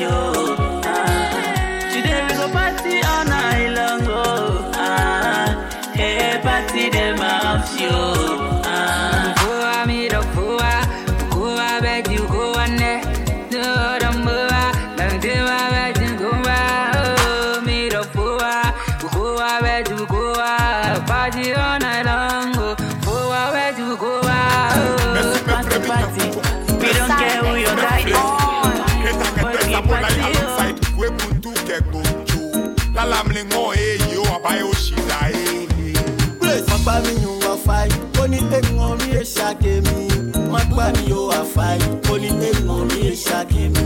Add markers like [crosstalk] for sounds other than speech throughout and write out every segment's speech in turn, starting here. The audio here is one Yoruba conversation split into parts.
you. ṣàkè mi má gbà mí o àfàì ó ní èèyàn mi è ṣàkè mi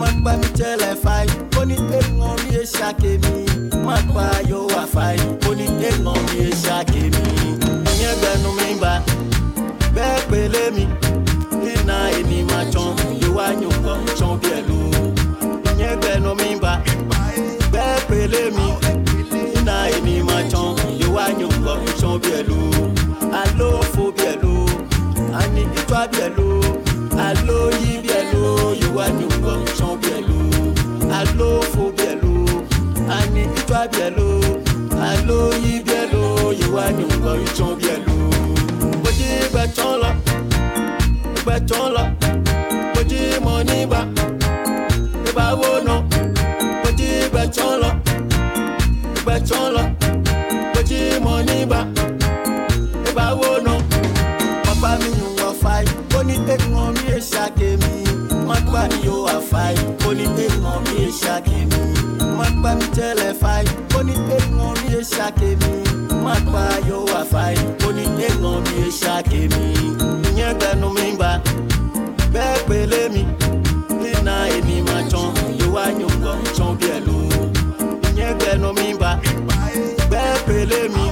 má gbà mí tẹ́lẹ̀ fàì ó ní èèyàn mi è ṣàkè mi má gbà yó àfàì ó ní èèyàn mi è ṣàkè mi ìyẹn gbẹnu mi gbà bẹ́ẹ̀ pẹ̀lẹ́ mi. bá mi tẹ́lẹ̀ fàáyì ó ní téèyàn mi ẹ ṣàkèmí má pa yóò wà fàáyì ó ní téèyàn mi ẹ ṣàkèmí ìyẹn gbẹnu mi gbà bẹ́ẹ̀ pélé mi nínà èmi máa tán ìwà yòǹgàn tán bí ẹ lò ìyẹn gbẹnu mi gbà bẹ́ẹ̀ pélé mi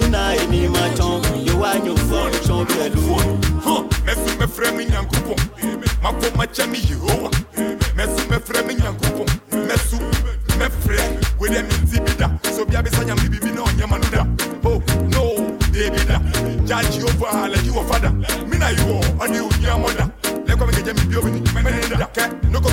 nínà èmi máa tán ìwà yòǹgàn tán bí ẹ lò. mẹ́fì mẹ́fì rẹ̀ mi yàn kúpọ̀ máa kó máa jẹ́ mi yìí ó wà.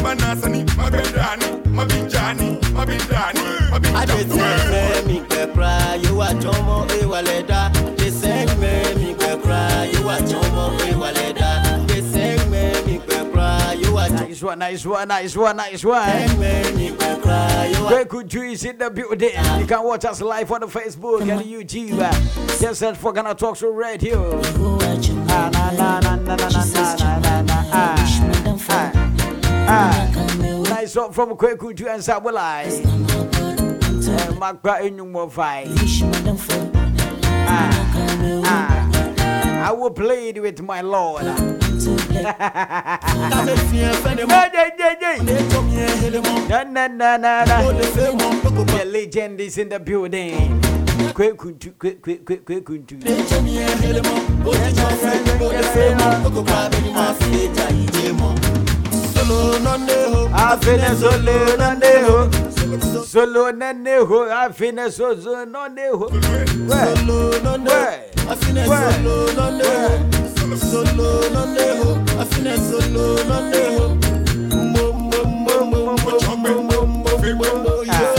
manasani mabendani mabinjani mabindani mabinjani mi kẹkura yóò wá jọmọ ewalẹ dá gbèsè mẹ mi kẹkura yóò wá jọmọ ewalẹ dá gbèsè mẹ mi kẹkura yóò wá jọmọ. Nice one, nice one, nice one, nice one. Great good juice in the building. You can watch us live on the Facebook and YouTube. Just search for Ghana to Red Hill. Ah, na, na, na, na, na, na, na, na, na, na. Ah, I saw from Kweku to and Sabulai. Eh, Mark Bratton, you more I will play it with my Lord. the legend is in the building. Kwekuntu, kwekuntu. Kwekuntu. Zolo naneho, avene zolo naneho. Zolo naneho, avene zolo naneho. Zolo naneho, avene zolo naneho. Zolo naneho, avene zolo naneho. Mo mo mo mo mo mo mo mo mo mo.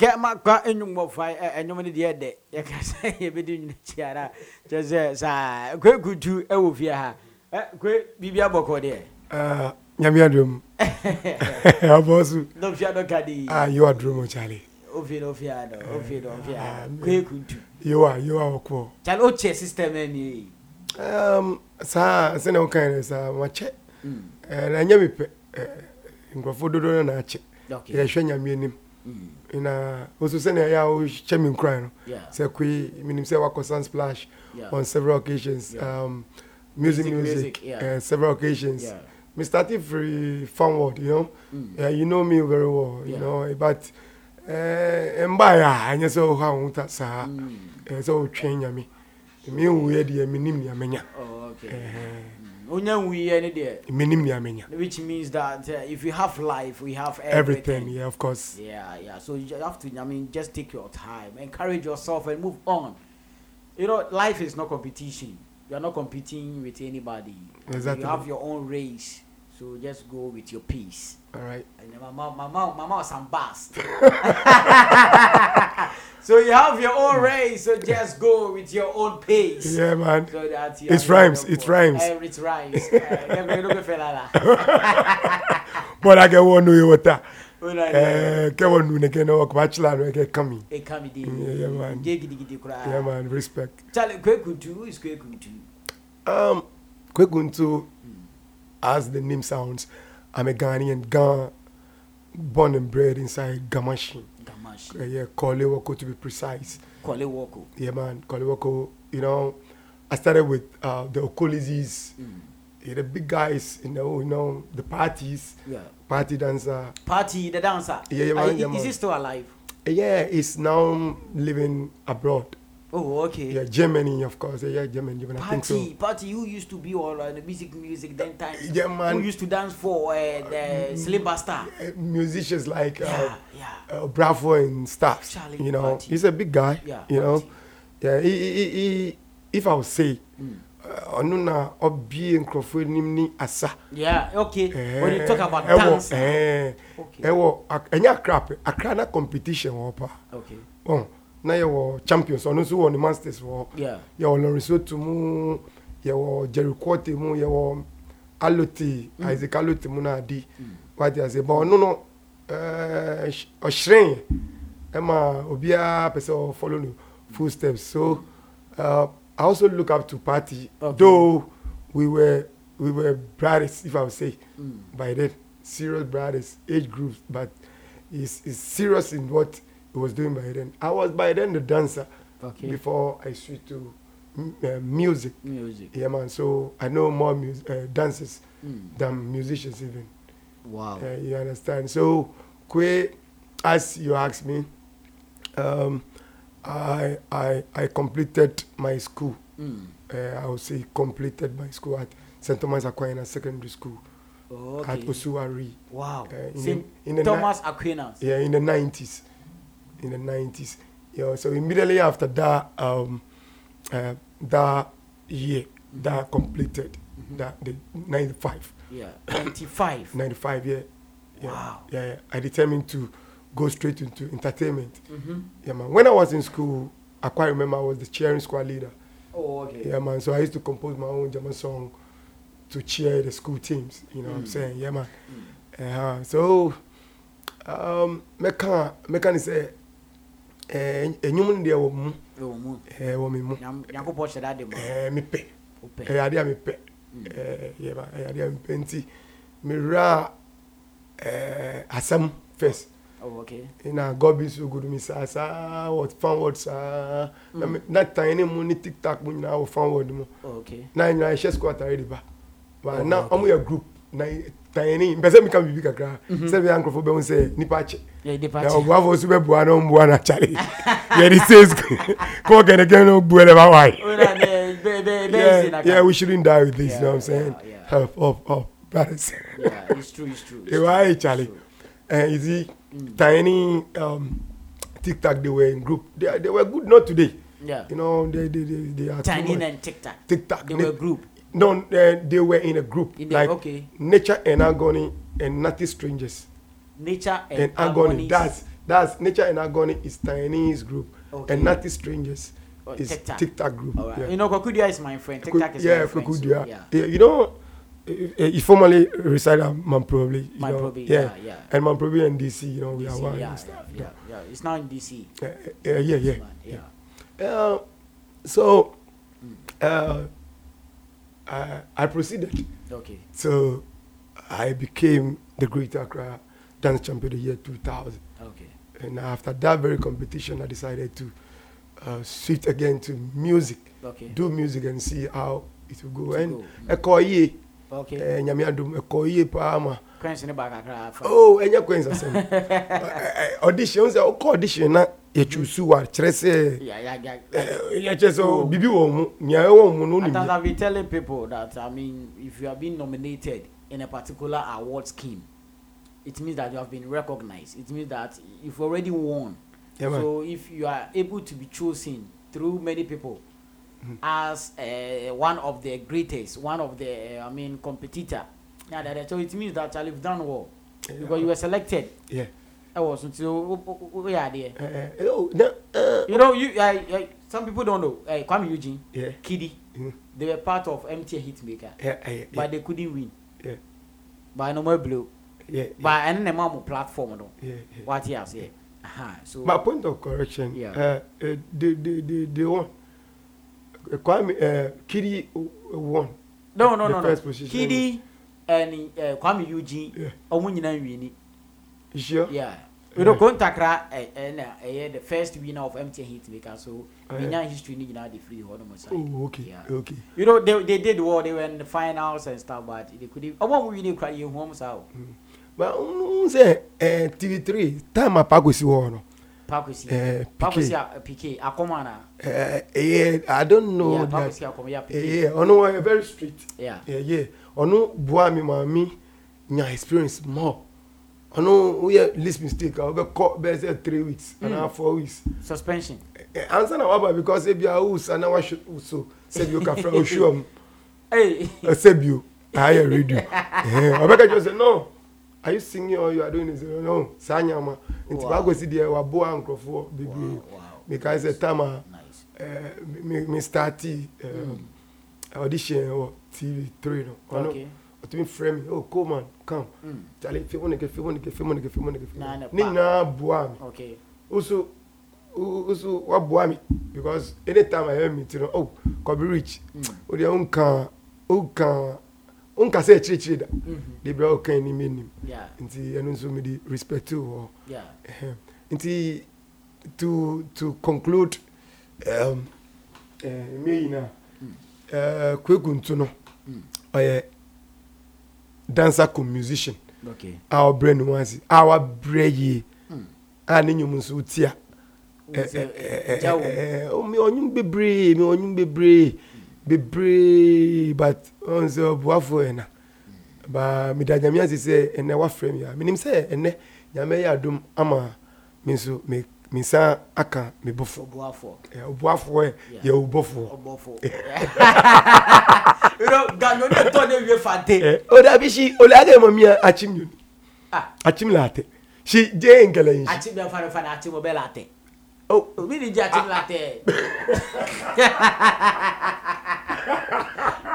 yɛkɛ makwa nnwom wɔfa ɛnwom no deɛ dɛ yɛka sɛ yɛbɛdi nwunu akyi ara kyɛ sɛ saa kwe kutu ɛwɔ fie ha kwe biribi abɔkɔ deɛ nyame adom abɔso na ofia no ka de yi yɛwa durom kyale ofie no ofia no ofie no ofia kwe kutu yɛwa yɛwa wɔkɔ kyale wokyɛ system ani yi saa sɛne wokae no saa makyɛ na ɛnyɛ mepɛ nkurɔfoɔ dodoɔ no naakyɛ yɛhwɛ nyame anim hmm ina osu sɛ nea ɛyɛ a wohyɛ me nkran no sɛ koe menim sɛ wakɔ sun splash yeah. on several occasions yeah. um, music music, music yeah. uh, several occasions yeah. me started free fan world you know mm. uh, you know me very well you know but eh, mbaayɛ a ɛnyɛ sɛ woha wo ta saa ɛɛ mm. eh, sɛ wotwɛn nyame mehu yɛ deɛ menim nea menya oh, Onya wiye ni de. Minim ni amenya. Which means that uh, if you have life, we have everything. everything. Yeah, of course. Yeah, yeah. So you have to. I mean, just take your time, encourage yourself, and move on. You know, life is not competition. You are not competing with anybody. Exactly. You have your own race, so just go with your peace. All right. And my mom, my mom, my mom was embarrassed. [laughs] so you have your own hmm. race, so just go with your own pace. Yeah, man. So that you eh, it rhymes. It rhymes. Uh, it rhymes. But I get one new water. [laughs] Eh, ke won nune ke no bachelor no ke kami. E kami di. Yeah, man. Ge gidi kura. Yeah, man. Respect. Chale kwekuntu is kwekuntu. Um, kwekuntu, hmm. as the name sounds, I'm a Ghanaian, Ghana, born and bred inside Gamashi. Gamashi. Uh, yeah, Kolewoko to be precise. Kolewoko. Yeah, man, Kolewoko. You know, I started with uh, the Okolizis, mm. yeah, the big guys, you know, you know, the parties. Yeah. Party dancer. Party, the dancer. Yeah, yeah, man, I, uh, yeah, Is man. he still alive? Yeah, he's now living abroad. Oh, okay. Yeah, Germany, of course. Yeah, Germany. Germany party, I think so. Party, who used to be all uh, the music, music then times. Yeah, man. Who used to dance for uh, uh the uh, Sliver Uh, musicians like uh, yeah, uh, yeah, Uh, Bravo and stuff. Charlie you know, party. he's a big guy. Yeah, you party. know. Yeah, he, he, he, if I would say, mm. ɔno na ɔbie nkurɔfoɔ anim ne asa ɛwɔ eh, ɛnyɛ eh, akra pɛ akra na competition wɔ paa oh, na yɛwɔ champions ɔno nso wɔ ne masters wɔ yɛwɔ lorisoto mu yɛwɔ jerikote mu yɛwɔ alote mm. isaac alote mu na adi mm. wati ase ba ɔno no eh, ɔhyerɛn ɛma obiara pɛ sɛ ɔfollow no full steps so uh, i also look up to party okay. though we were we were brothers if i would say mm. by then serious brothers age groups but he's he's serious in what he was doing by then. I was by then the dancer okay. before I switched to uh, music. Music. Yeah, man. So I know more mus- uh, dancers mm. than musicians even. Wow. Uh, you understand? So, Kwe, as you asked me, um, I, I, I completed my school. Mm. I would say completed my school at St. Thomas Aquinas Secondary School. Okay. At Osuari. Wow. Uh, in St. The, in the Thomas ni- Aquinas. Yeah, in the 90s in the 90s. You know, so immediately after that, um, uh, that year, that completed, mm-hmm. that the 95. Yeah, 95. [coughs] 95, yeah. yeah. Wow. Yeah, yeah, I determined to go straight into entertainment. Mm-hmm. Yeah, man. When I was in school, I quite remember I was the cheering squad leader. Oh, okay. Yeah, man. So I used to compose my own German song to cheer the school teams. You know mm. what I'm mm. saying? Yeah, man. Mm. Uh-huh. So, um, mekan mekan is a ɛnwom no deɛ wɔ mu wɔ me mu eh, mepɛ eh, ɛyɛ eh, a mepɛ mm. yɛba a nti asɛm first oh, na god be so good saa saa fan saa na mm. tan ne mu ne fan mu oh, na nyinaa ɛhyɛ sukuu atare de ba oh, na tanyani mpɛ sɛ meka biribi kakra mhm. sɛ bia nkurɔfoɔ bɛhu sɛ nipa kyɛ na ɔboafoɔ so bɛboa na ɔmboa no akyare yɛde sas kɔɔkɛnekɛ no bua lɛ bawae [laughs] yeah we shouldn't die with this yeah, you know what i'm saying yeah, yeah. help yeah, it's true it's true ɛwae kyale uh, you see mm. um, tiktok they were in group they, they were good not today yeah. you know they, they, they, they are tanyani and tiktok tiktok they were group No, uh, they were in a group. In the, like okay. Nature and Agony and Natty Strangers. Nature and, and agony. That's that's Nature and Agony is Chinese group. Okay. And Natty Strangers oh, is TikTok, TikTok group. Right. Yeah. You know, Kokudia is my friend. TikTok is yeah, my friend. Kokudia. So, yeah. yeah, you know. He eh, eh, formerly resided at Manprobi, Manprobi, yeah. yeah, yeah, and Manprobi and DC, you know, DC, we are one. Yeah, yeah, yeah, yeah, It's now in DC. Uh, uh, yeah, yeah, yeah. yeah. Uh, so, mm. Uh, uh, I proceeded. Okay. So I became the Great Accra Dance Champion of the year 2000. Okay. And after that very competition, I decided to uh, shift again to music. Okay. Do music and see how it will go. It and mm. Ekoye. Okay. Eh, nyame adum Ekoye paama. Queens ne ba kakra Oh, enya Queens asem. [laughs] Eh, eh, eh, audition, say, okay audition na yɛtwusu wa kyerɛ sɛ eh, yɛkyerɛ sɛ oh. biribi wɔ mu nea ɛwɔ mu no nim as i be telling people that i mean if you have been nominated in a particular award scheme it means that you have been recognized it means that you've already won yeah, so if you are able to be chosen through many people mm. as uh, one of the greatest one of the uh, i mean competitor yeah, that, so it means that you've done well yeah, because you were selected yeah ɛwɔ so nti o yɛ adeɛ. ɛɛ you know you ɛ ɛ some people don't know ɛ uh, kwame eugene. Yeah. kidi. Mm. they were part of MTA hitmaker. Yeah, yeah, yeah. but they couldnt win. Yeah. but ɛnna wɔn blow. Yeah, yeah. but I na more platform no. Yeah, yeah. wati ase. Uh -huh. so. my point of correction. Yeah. Uh, uh, the the the the one. Kwami uh, kidi won. no no the no no kidi and uh, kwame eugene. ɔmo yeah. nyinaa win ni. you sure. yeah. Odo Kontakra ɛna ɛyɛ the first winner of MTN Hitmaker ah, so oh, Minya history ni nyinaa de free hɔ nom sa. Oh okay yeah. okay. You know they they did well they were in the finals and stuff but they couldn't ɔmɔ mu win kura yɛn hɔn sa o. Ba n sɛ ɛɛ TV3 time a Pakosi wɔ no. Pakosi. Ɛɛ eh, Pike. Pakosi a ah, Pike akɔma na. Ɛɛ eh, ɛyɛ eh, I don't know. Yeah Pakosi akɔma ya Pike. Ɛyɛ ɔno wɔ very strict. Yeah. Ɛyɛ ɔno bua mi maa mi nya experience more. I ɔno woyɛ list mistake a wobɛkɔ bɛɛ sɛ three weeks mm. anaa four weeks suspension eh, eh ansa na waba because ebi a wowu sa na wahwe so sɛbi wokafra wohwia mu sɛbio ayɛ radio ɔbɛka kyerɛ sɛ no are you singing or you are doing this no saa nyama nti wow. baagosi deɛ waboa nkurɔfoɔ bebree mekae sɛ tam a me eh, starti eh, hmm. audition wɔ oh, tv three no ɔno ɔtumi frɛ me oh coleman kan cale fɛn ko nin kɛ fɛn ko nin kɛ fɛn ko nin kɛ fɛn ko nin kɛ fɛn ko ne ɲinaa buwa mi usu usu wa buwa mi because any time I hear me tinu oh Kobe Rich hmm. o de ye n kan n kan n kan se akyirikyiri da hmm. de bi a o kan ni mi nim nti ɛnu nso mi di respect to wɔ oh. nti to to conclude um, uh, mi yina uh, hmm. eh, kweku ntu no ɔyɛ. Mm dancer com musician Okay. Our brain ho ase Our brain. yie a ne nnwom nso wotia ɔnwom bebree me ɔnwom bebree bebree but ɔn sɛ ɔboafoɔ ɛna ba meda nyame ase sɛ ɛnɛ wafrɛ me a menim sɛ ɛnɛ nyame yɛ adom ama me nso minsa aka me bɔfo ɔboafoɔ yɛ wobɔfoɔ eh. odabisi olage mɔ mia achim yoni achim laate si je ngɛlɛ yin si. achim bɛ fana fana achim o bɛ laate. o mi ni je achim laate.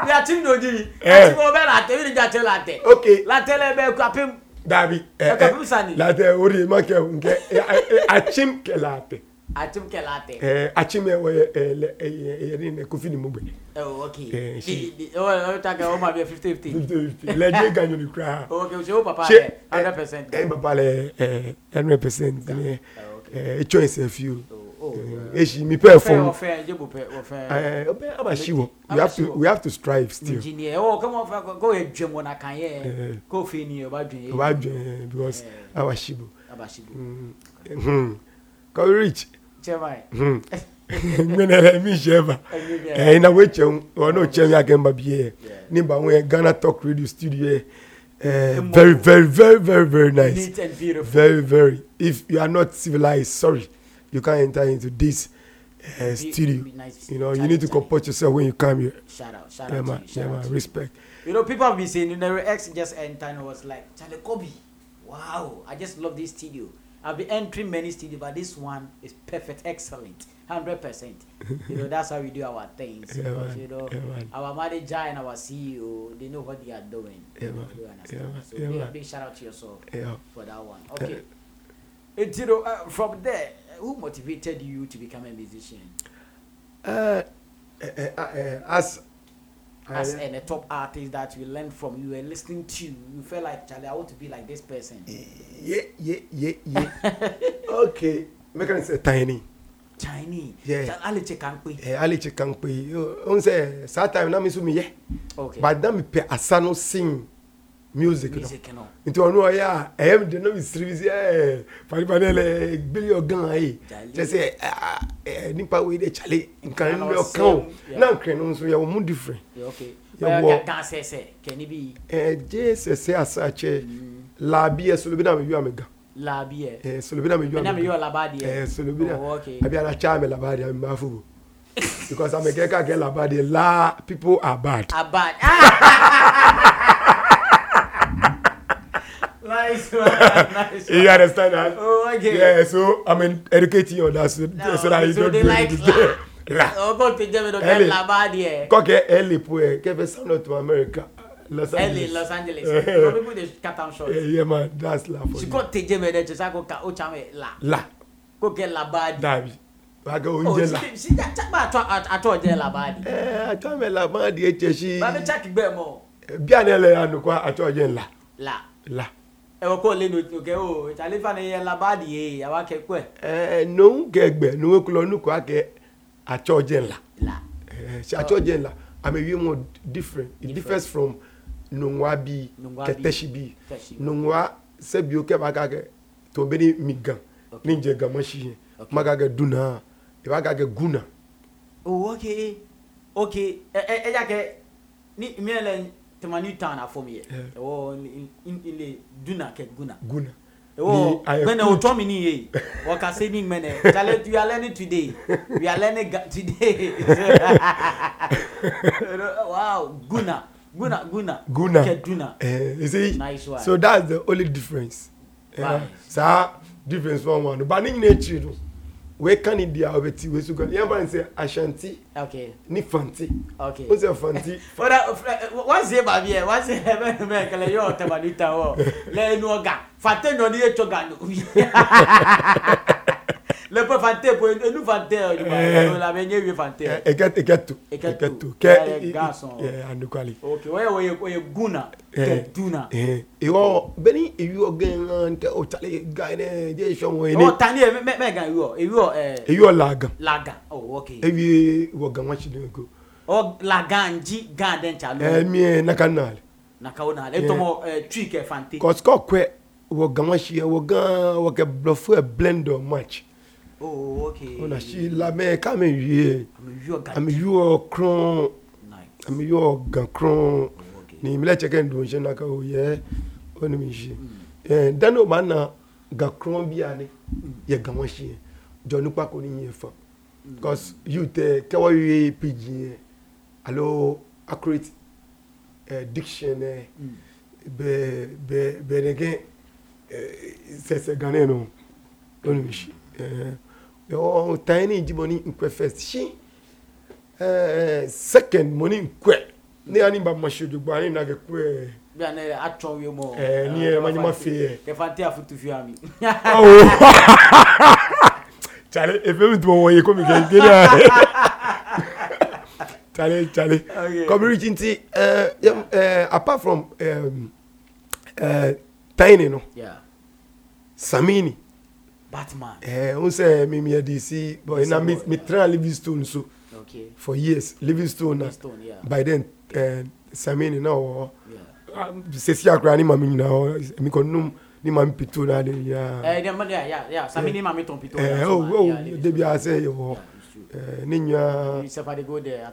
ni achim n'o di achim o bɛ laate mi ni je achim laate. ok laate lɛ bɛ ko a pe dabi ɛɛ eh, eh, latɛ eh, o de ye ma kɛ nkɛ atim kɛlaatɛ. atim kɛlaatɛ. ɛɛ atim yɛ wɔyɛ ɛɛ ɛɛ yɛrɛ yɛrɛ kofi ni mu bɛ. ɛɛ ok ɛɛ o ta kɛ o ma bɛ fifty fifty. fifty fifty lajɛ ka ɲɔni kura. [laughs] ok o se o papa yɛ hundred percent. ɛɛ papa yɛ ɛɛ hundred percent ɛɛ ɛɛ it's your interview ehyí mi pẹ́ fún ẹ ọbẹ̀ abasi wọ we have to we have to strive still. ǹjìnìyẹ ọ kọ́ mọ̀ fà kó yẹ jẹ mọ̀ nà kàn yẹ kó fi ni ọba jẹ yẹ. ọba jẹ yẹ because abasi bo kọ́ rich. gbẹ̀nẹ̀ rẹ̀ mi ṣe ba ẹ̀ eh, iná wo kyẹ̀wò wọn n'o kyẹ̀wò yà kẹ́ńbà bi yẹ ní bá wọn yẹ Ghana Talk Radio studio yẹ. Uh, eh, very, very, very, very, very nice. Neat and beautiful. Very, very. If you are not civilized, sorry you can't enter into this uh, studio. You know, you need to comport yourself when you come here. Shout out, shout yeah, out, man, yeah, man, respect. You know, people have been saying, you know, X just entered and was like, Charlie Kobe, wow, I just love this studio. I've been entering many studios, but this one is perfect, excellent, hundred percent. You know, that's how we do our things. Yeah, because, man, you know, yeah, our manager and our CEO, they know what they are doing. Yeah, you know, man, understand. Yeah, so yeah, big, man. big shout out to yourself yeah. for that one. Okay. Uh, it, you know, uh, from there, who motivated you to become a musician? Uh, uh, uh, as as I, a top artist that you learned from, you were listening to, you felt like Charlie, I want to be like this person. Yeah, yeah, yeah, yeah. okay, make it say tiny. Chinese. Yeah. Ale che kankpe. Eh, ale che kankpe. On say, sa time na mi su mi ye. Okay. But na mi pe asano sing music no nti ɔno ɔyɛ a ɛyɛ mm. mi dena mi siri si ɛɛ panipani ɛlɛ gbeli ɔgan yi kyerɛ sɛ ɛɛ nipa wo yi de kyale nkan no ɔkan o na nkan no nso yɛwɔ mu different yɛwɔ ɛɛ gye sɛsɛ asakyɛ laabiɛ solobi na mi wi ami ga laabiɛ ɛɛ solobi na mi wi ami ga ɛɛ solobi na abi ana kya mi labaadiɛ mi ma fo bo because amekɛ kakɛ labaadiɛ laa people are bad. are bad. [laughs] nice [laughs] you understand that? Oh, I yeah, so I mean, educating you on so, no, so that you so don't they do this. it. La. Ọgbọ́n tó jẹ́ mi lọ́kẹ́ ńlá bá díẹ̀. Kọ́kẹ́ ẹ lè to America. Los Angeles. LA, Los Angeles. Some [laughs] people they cut down short. Yeah, yeah man, that's la for you. Ṣùkọ́ tẹ̀jẹ̀ mẹ́rẹ̀ jẹ́ sáko ka ó ṣàwọn ẹ̀ la. La. Kókẹ́ la bá di. Dàbí. Bàgà oúnjẹ la. Ò sí sábà àtọ̀ jẹ́ la bá di. Ẹ àtọ̀ mi la bá di ẹ̀ tẹ̀ sí. Bàbá Chak gbẹ̀ mọ́. Bí àná ẹ̀ lẹ́yìn ànùkọ́ àtọ̀ jẹ́ la. La. La ewo ko le no ke o chale fa ne la badi e awa ke ku e eh no gegbe no ku lo nuko ake achoje nla la eh si achoje nla am mo different it differs from nungwa bi keteshi bi nungwa sebi o ke ba ka ke to be ni migan ni gan mo shi yen ma ka ke duna e ba ka ke guna oh okay okay e e ja ke ni mi tɛmɛni tan na fɔ min ye ɛwɔ le duna kɛ guna guna ɛwɔ mɛnɛ o tɔ min ye wa ka se min mɛnɛ tale tu yalɛ ni tude yalɛ ni ga tude [laughs] wow guna guna guna guna kɛ duna ɛɛ nice one so that's the only difference ɛɛ eh, saa difference fɔ n wa ba ni ɲinɛ ci don wekani di a ọbẹ ti wesu kan yẹn báyìí sẹ asanti ni fanti o sẹ fanti. ọ̀dà wọ́n ṣe bàbí ẹ̀ wọ́n ṣe ẹ̀ bẹ́ẹ̀ bẹ́ẹ̀ kẹlẹ́ yóò tẹ̀wá ní ta wọ́ lẹ́nu ọ̀gá fàtẹ́nù ọ̀dí yẹn tọ́gà nù lɛpɛ fante po enu eh, fante ɔyɔ la mɛ n ye wiye fante. ɛkɛ ɛkɛ to ɛkɛ to kɛ ɛɛ anukali. ok o ye o ye o ye gun na kɛ dun na. iwɔ bɛ ni iwɔ gɛn tɛ o tali gan yɛrɛ de ye sɔn wɛrɛ. ɔ tan ni yɛ mɛ mɛ gan iwɔ iwɔ ɛɛ. iwɔ laagan. laagan ɔ ok. e bi iwɔ gan wa si ne ko. ɔ laagan ji gan dɛ ca. ɛɛ min ye naka naale. naka o naale e eh, tɔmɔ ɛɛ tui kɛ fante. kɔsikɔ kɔɛ wɔ gan wa si yɛ wɔ gan wɔ kɛ bulɔfɔ blend dɔ Oh, okay. Ona shi lame kame yue. Ame yue kron. Ame yue gan kron. Ni mile cheke ndo nje na ka oye. Oni mi shi. Eh dano mana gan kron bi ani. Ye gan won shi. Jo nupa ko ni yen fa. Because you te kewo yue pidgin. Alo accurate uh, dictionary. Mm. Be be be again. Uh, sese ganen no. Oni mi shi. Eh ɔtane gyi mɔne nkwɛ first hye eh, second mɔne nkwɛ ne ane ba mahyɛ dwogbo ane na kɛkɔɛ neɛ manyama feyɛ chale efemi tuma wɔ ye komi kɛ gɛlɛya [laughs] chale chale community nti ɛɛ apart from um, uh, tiny no yeah. samini Batman. Eh, on sɛ mi mi ɛdi si bɔn na mi mi tran Livingstone so. Okay. For years Livingstone na yeah. by then eh, Samini na wɔ sesi akora ni maami nyina hɔ mi kɔ num ni maami pito na de ya. Ɛɛ dɛ mɛ ya ya Samini yeah. maami tɔn pito. Ɛɛ o o debi ase yɛ wɔ ɛɛ ne nyua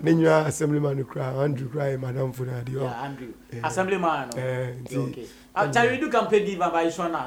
ne nyua assemblyman ni kura Andrew kura ye madam funa de oh. yɔ. Andrew eh. assemblyman. Ɛɛ nti. Cari du kan pe di baba isɔn na.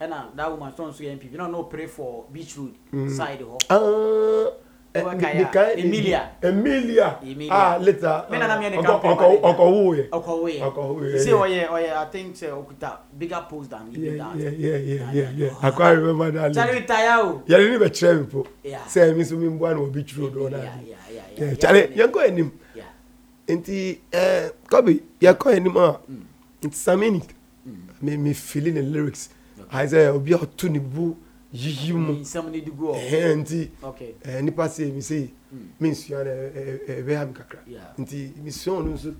ɛna that woman so nso yɛ npp na no pray for beach road mm. side hɔ. Uh, nika emilia emilia ah later ọkọ owó yẹ ọkọ owó yẹ ọkọ owó yẹ say ọyẹ ọyẹ i think say uh, okuta bigger post than oh. he did that yeah yeah yeah akọ eh, mm. mm. i remember that late charlie taya o yẹri ni bẹ kyerẹ mi po sẹ mi sún mi bọ àná obi turo dọ náà charlie yẹn kọ ẹnim nti ẹ kọbi yẹn kọ ẹnim a nti samini mi mi fili ni lyrics. Mm ayisɛ obi a ɔtu ne bu yiyi mu nti nipa se mi se mi hmm. nsua na ɛbɛ ha mi kakra nti mi sua ɔno nso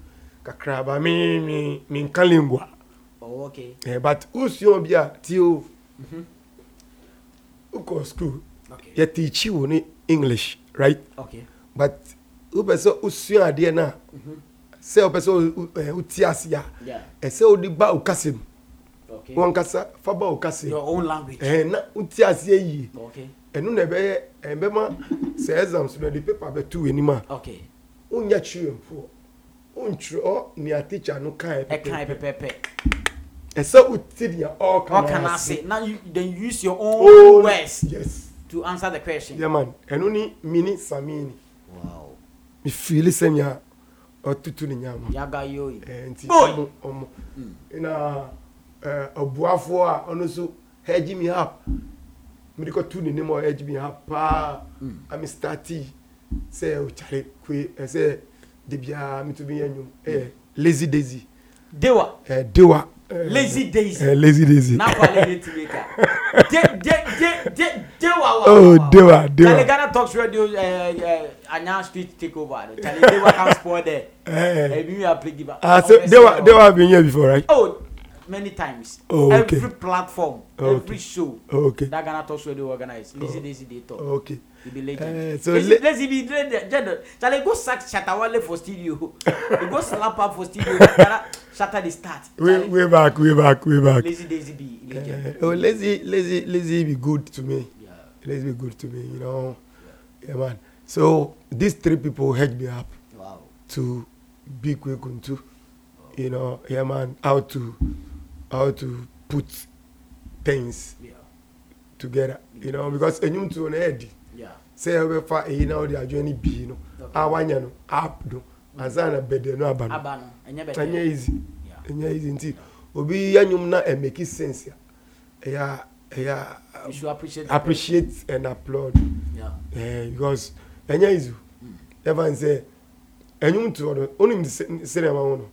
kakra ba mi mi mi nka lingua oh, ɛ but o sua obi a ti o o kɔ school yɛ tiikyi wo ni english right okay. but o pɛ sɛ o sua adeɛ na mhm. sɛ o pɛ sɛ o ti ase a ɛsɛ o de ba o kasa mu wọn kasa faba o kasa your own language ɛn na n ti ase yie ɛnu na ɛbɛyɛ ɛbɛma sɛ exams na de paper bɛ tu anim a n yɛ twerɛ mpo n twerɛ nea teacher no kan yɛ pɛpɛpɛ ɛsɛ o ti nea ɔkan ase na you then use your own words yes to answer the question yeah man ɛnu ni mini samini wow mi fili sɛ nea ɔtutu ne nyaama yaga yoyi ɛɛ nti ɔmo ɔmo ɛna. Mm aboafoɔ eh, a ɔno nso hedge me up mede kɔto ne nim a hedge me up paa hmm. ame starti sɛ ɔkyare kue eh, sɛ de biara meto bi yɛ nnwom eh, ɛyɛ lazy daisy dewa ɛɛ dewa lazy daisy ɛɛ lazy daisy n'afɔ ale de ti mi ka de de de de dewa wa oh dewa dewa tali ghana talks radio ɛɛ ɛɛ anya street takeover tali dewa kan spoil there ɛɛ ɛbi mi a play give up ah so dewa dewa been here before right oh many times. Oh, okay. Every platform, oh, okay. every show oh, okay. that Ghana Talk Show they organize. Lazy oh. Daisy they talk. Oh, okay. You be legend. Uh, so lazy, le- lazy be legend. Shall go sack Shatawale for studio? you [laughs] go slap up for studio. Shatter the start. Way, way back, way back, way back. Lazy lazy, be legend. Uh, oh, lazy, lazy, lazy be good to me. Yeah. Lazy be good to me. You know, yeah, yeah man. So these three people helped me up. Wow. To be quick and two you know, yeah, man, how to how to put things yeah. together you know because enyim tuo na ɛdi sɛ ɛbɛfa eyi na ɔde adwene ne bii no a wanya eh, eh, no ah, app no ansa na bɛdɛ no aba no Anya easy Anya easy nti obi yanyom na ɛmɛki sense a ɛyɛ ɛyɛ appreciate and applaud yeah. uh, because ɛnyɛ easy ɛfan sɛ enyim tuo no onim sɛ sɛ ɛma wɔn no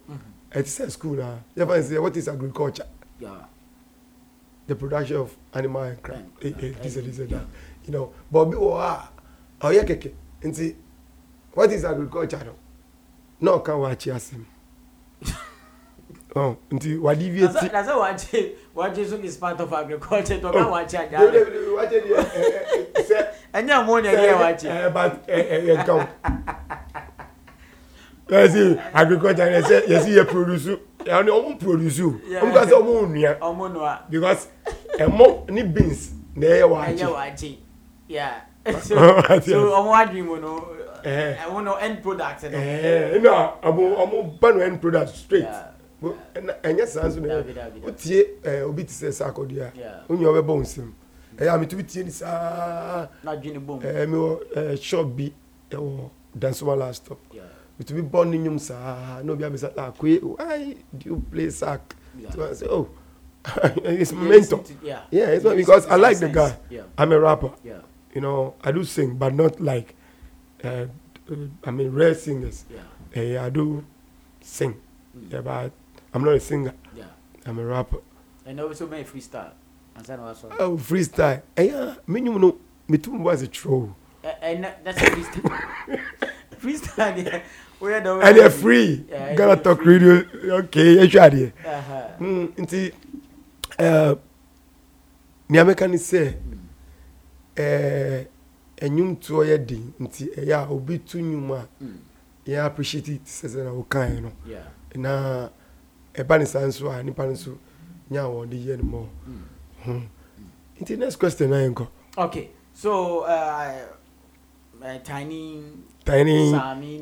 ẹ school ah yẹ fà ṣe what is agriculture yeah. the production of animal and crop ẹ ẹ dísẹ you know but bí wọ́n ah, a ọ̀yẹ́ kẹ̀kẹ́ nti what is agriculture no náà kan oh, wà á kí asẹ́mu oh nti wa deviate that's, that's why wache wache so is part of agriculture to ka wache ada de wache de eh eh se enya mo ne ye wache eh but eh eh, eh count [laughs] yɛsi agriculture yɛsi yɛsi yɛ produce yɛn ni ɔmu produce o ɔmu kasi ɔmu nua ɔmu nua because ɛmɔ ni beans na ɛyɛ waakye ɛyɛ waakye yeah so ɔmu adi mu no ɛmu no end product no ɛɛ eh, ɛna ɔmu ɔmu ba no end product straight ɛna ɛnyɛ saa nso na yɛ o tie ɛɛ eh, obi ti sɛ sakodiya o nyɛ ɔbɛ eh, bɔ nsɛm ɛyɛ ami tobi tie ni saa ɛɛ mi wɔ ɛɛ shop bi ɛwɔ dansoma last stop. Yeah bitumi bɔ ne nnwom saa na obi abisa akoe why do you play sack yeah. so i say oh it's [laughs] yeah, mentor it's, yeah, yeah it's not because it's, i like the sense. guy yeah. i'm a rapper yeah. you know i do sing but not like uh, i mean rare singers yeah. uh, i do sing mm. yeah, but i'm not a singer yeah. i'm a rapper and also my freestyle oh freestyle ɛyà mi nyum no mi tum wa se tro. ɛ ɛ that's freestyle [laughs] freestyle deɛ ɛdeɛ free ghana talk radio ok ɛhwɛ adeɛ uh-huh. hmm, nti nea eh, meka ne sɛ eh, ɛnwomtoɔ yɛ den nti ɛyɛ eh, a obi to nnwum a hmm. yɛ appreciate it sɛ sɛ na wokaeɛ no na ɛba ne saa nso a nnipa no nso nya a wɔde yɛ no mmɔ nti next question na yɛnkɔ okay so uh, uh, tiny tiny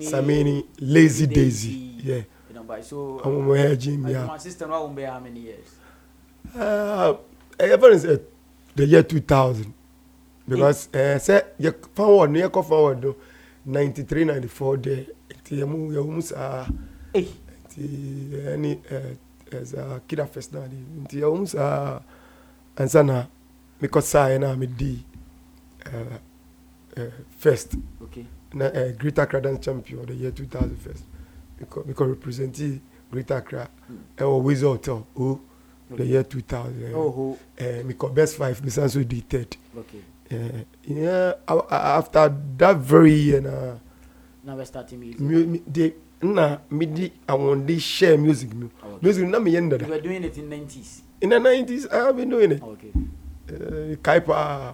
Samini, Lazy, Daisy. Yeah. You know, but so I'm um, uh, gym, yeah. My sister how many years? Uh, uh ever is uh, the year two thousand, because eh say you forward near come forward do 93 94 there ti yẹ mu yẹ mu saa ti ẹni ẹ ẹ saa kida first na de nti yẹ mu saa ansa na mi kọ saa yẹ na mi di ẹ ẹ Okay uh, Greater Accra Champion of the year 2001 because because representing Greater Accra ẹ wọ Wizard Hotel o the year 2000 oh, uh, eh, because best five mi sanso di third okay. uh, yeah, after that very year na. na we music. Mu, na mi di àwọn de share music mi okay. music na mi yẹ n dada. you were doing it in 90 in the nineties, i have been doing it. Okay. Uh, kaipa uh,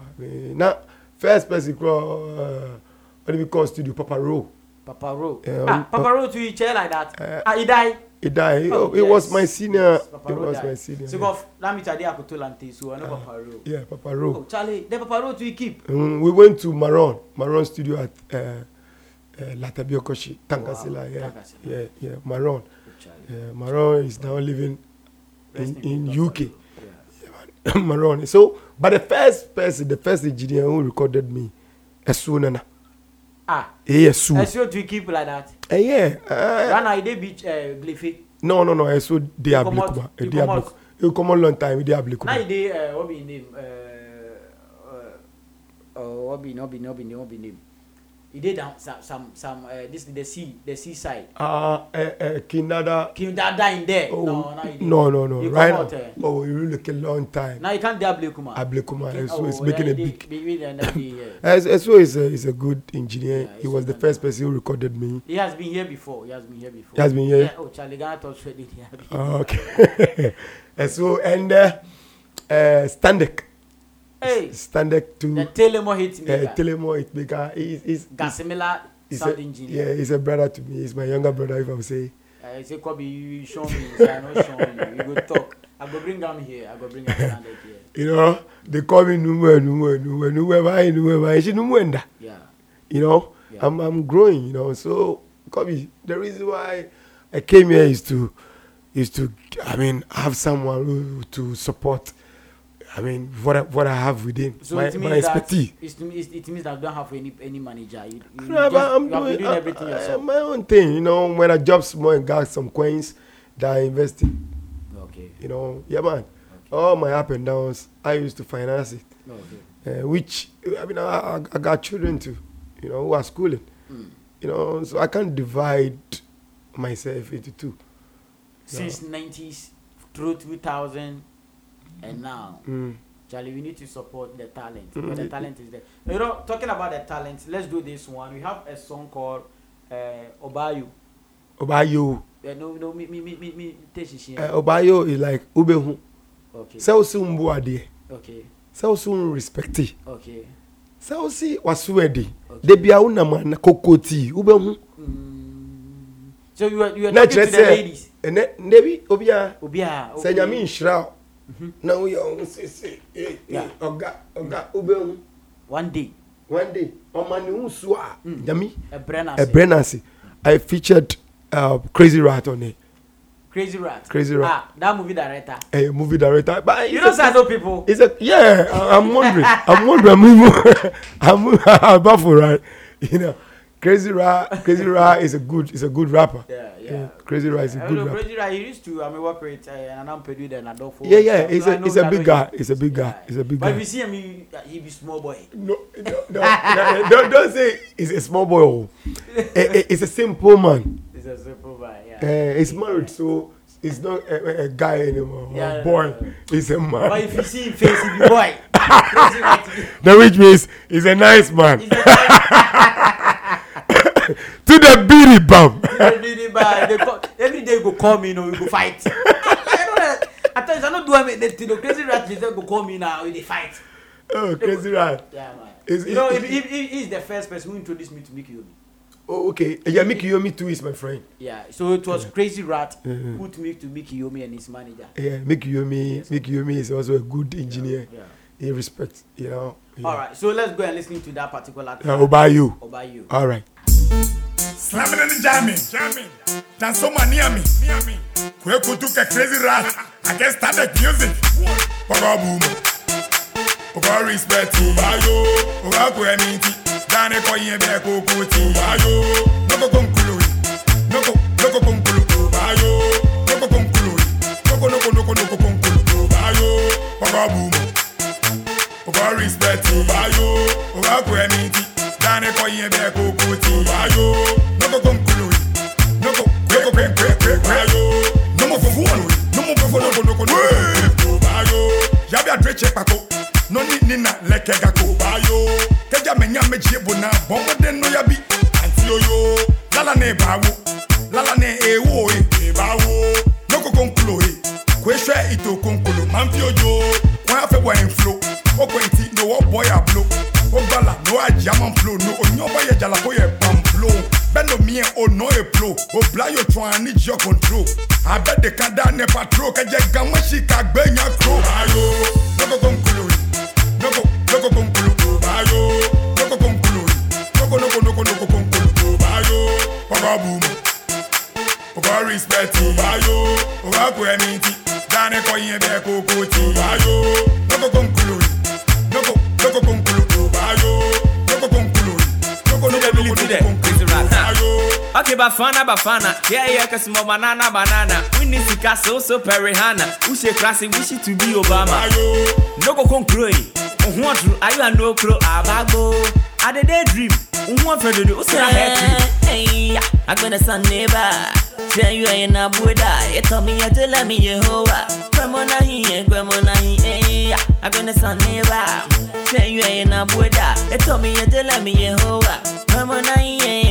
na first person kúrò. Uh, what do we call studio Papa Row. Papa Row. Um, ah, Papa Row to your chair like that. Uh, ah, he died. He died. Oh, oh, yes. It was my senior. Yes, Papa it was died. my senior. So, yeah. Lami Chade Akotolante, so I know uh, Papa Row. Yeah, Papa Row. Oh, Charlie, then Papa Row to keep. Mm, we went to Maron, Maron studio at uh, uh, Latabiokoshi, Tankasila. Wow. Yeah, Tankasila. yeah, yeah, Maron. yeah, Maron is now living in, in UK. Yeah. [coughs] Maron. So, but the first person, the first engineer who recorded me, Esunana ah ɛyɛ eh, su ɛsuo eh, to keep like that ɛyɛ ɛɛ ghana ɛde bi ɛɛ glefe. no no no ɛso de abilikuma ɛde abilikuma ɛkɔmɔ long time ɛde abilikuma. na yi de ɛɛ obi name ɛɛ ɔbi na obi na obi na obi name he did some some some uh, this the sea the seaside. ah uh, ah, uh, eh, uh, eh, Kindada. Kindada in there. Oh, no, no, he didn't. no, no, no. You right out, uh, oh, you look a long time. Now you can't do Ablekuma. Ablekuma, okay. so oh, making a big. so is a is a good engineer. Yeah, he was the first person who recorded me. He has been here before. He has been here before. He has been here. Yeah, oh, Charlie Ghana talks Freddy. Ah, okay. [laughs] so and uh, uh, Standek hey, standard two. The Telemore hit maker. Eh, uh, Telemore hit maker. He's, he's, Gasimila he's sound a, engineer. Yeah, he's a brother to me. He's my younger brother, if I'm saying. Uh, eh, he said, Kobe, you show me. He said, I know show you. You go talk. I go bring him here. I go bring him standard here. You know, they call me Numwe, Numwe, Numwe, Numwe, Numwe, Numwe, Numwenda. Yeah. You know, yeah. I'm, I'm growing, you know. So, Kobe, the reason why I came here is to, is to, I mean, have someone to support I mean, what what I have within so my, it my expertise. It means, it means that I don't have any any manager. You, you no, just, I'm you doing, doing uh, everything I, uh, yourself. My own thing, you know. When I drop small and got some coins that I invested. Okay. You know, yeah, man. Okay. All my up and downs, I used to finance it. Okay. Uh, which I mean, I, I, got children too, you know, who are schooling. Mm. You know, so I can't divide myself into two. Since nineties no. through two thousand and now. Mm. Charlie, we need to support the talent. Mm. The talent is there. You know, talking about the talent, let's do this one. We have a song called uh, Obayu. Obayu. Yeah, no, no, me, me, me, me, me, uh, Obayu is like Ubehu. Okay. Sɛ o si Okay. Sɛ o si n respecti. Okay. Sɛ o si wasu ɛdi. E okay. Debi awo nam na koko tii Ubehu. Mm. So you are you are talking to the ladies. Ɛnɛ ndebi obiara. Obiara. Sɛ nyame nhyira o na woyɛ wo ho sese ɔga ɔga wobɛhu one day one day ɔma ne ho so a nyame ɛbrɛ no ase i featured uh, crazy rat on it Crazy Rat. Crazy Rat. Ah, that movie director. Hey, eh, movie director. But you don't know, know people. It's a yeah. I'm wondering. I'm wondering. I'm [laughs] I'm baffled, right? You know. Crazy Ra, Crazy Ra is a good is a good rapper. Yeah, yeah. yeah Crazy Ra is a I good know, rapper. Crazy Ra, he used to I mean work with uh, Anam Pedro and Adolfo. Yeah, yeah. He's so a he's a big guy. He's a big guy. He's a big but guy. But if you see him, he, he be small boy. No, no, no, don't, don't say he's a small boy. Oh. Eh, eh, he's a simple man. He's a simple man. Yeah. Uh, he's married, so. he's not a, a guy anymore. Yeah, no, boy, no, no, it's a man. But if you see him face, he be boy. the [laughs] which means he's a nice man. to the beanie bum. every day you go call me you know we go fight [laughs] i don't know at times i no do anything the crazy rat dey go call me now we dey fight. oh crazy rat. Yeah, man. Is, you know if if he's the first person who introduced me to Mikiyomi. Oh, okay. Yeah, Mikiyomi too is my friend. Yeah, so it was yeah. Crazy Rat mm-hmm. put me to Mikiyomi and his manager. Yeah, Mikiyomi, yes. Mikiyomi is also a good engineer. Yeah. yeah. He respects, you know. Yeah. All right, so let's go and listen to that particular. Track. Obayu. Obayu. All right. Slamming in the jamming, jamming. Dance someone near me, near me. Kweku took a crazy rat against static music. Pogo boom. Pogo respect to Bayo. Pogo community. Dane ko yebe koko to Bayo. Noko konkulu. Noko, noko konkulu to Bayo. Noko konkulu. Noko, noko, noko, noko konkulu to Bayo. Pogo boom. Pogo respect to Bayo. Pogo community. Dane ko yebe koko ayo no go come kulu no go kwe kwe kwe kwe ayo no mo fufu onu no mo fufu no go no go no go pako no ni leke ga ko ayo teja menya meji na bombo den no ya bi anti oyo lala ne bawo lala e bawo no go come kulu e ito konkolo man fi ojo wọn afẹ wọ ẹnflo ó kọ ẹntì ní wọn bọ yà blo ó gbàlà ní wọn àjàmọ nflo ní oyún ọbọ yẹ flow. Bello mien o no e plo Obla yo twa ni jo control I bet the kanda ne patro Ke je gamwe shi ka gbe nya kro Bayo, noko konkulu oh, Noko, noko konkulu oh, Bayo, noko konkulu oh, Noko, noko, noko, noko konkulu Bayo, papa boom Papa respect Bayo, papa ku emiti Dane ko yin be ko ko ti Bayo, noko konkulu Noko, noko konkulu Bayo, noko konkulu Noko, noko, noko, noko konkulu Okay, bafana, bafana. Yeah, yeah, cause more banana, banana. We need to cast so so perihana. We should classy, we should to be Obama. No go concrete. Want are you a no crow, abago. I did a dream. Want to do, so I Hey, I'm gonna son neighbor. Tell you I ain't a Buddha. You told me you to let me Jehovah. Grandma, he ain't eh, grandma, he ain't. Eh. I'm gonna son neighbor. Tell you I ain't a Buddha. You told me you to let me Jehovah. Grandma, he ain't. Eh.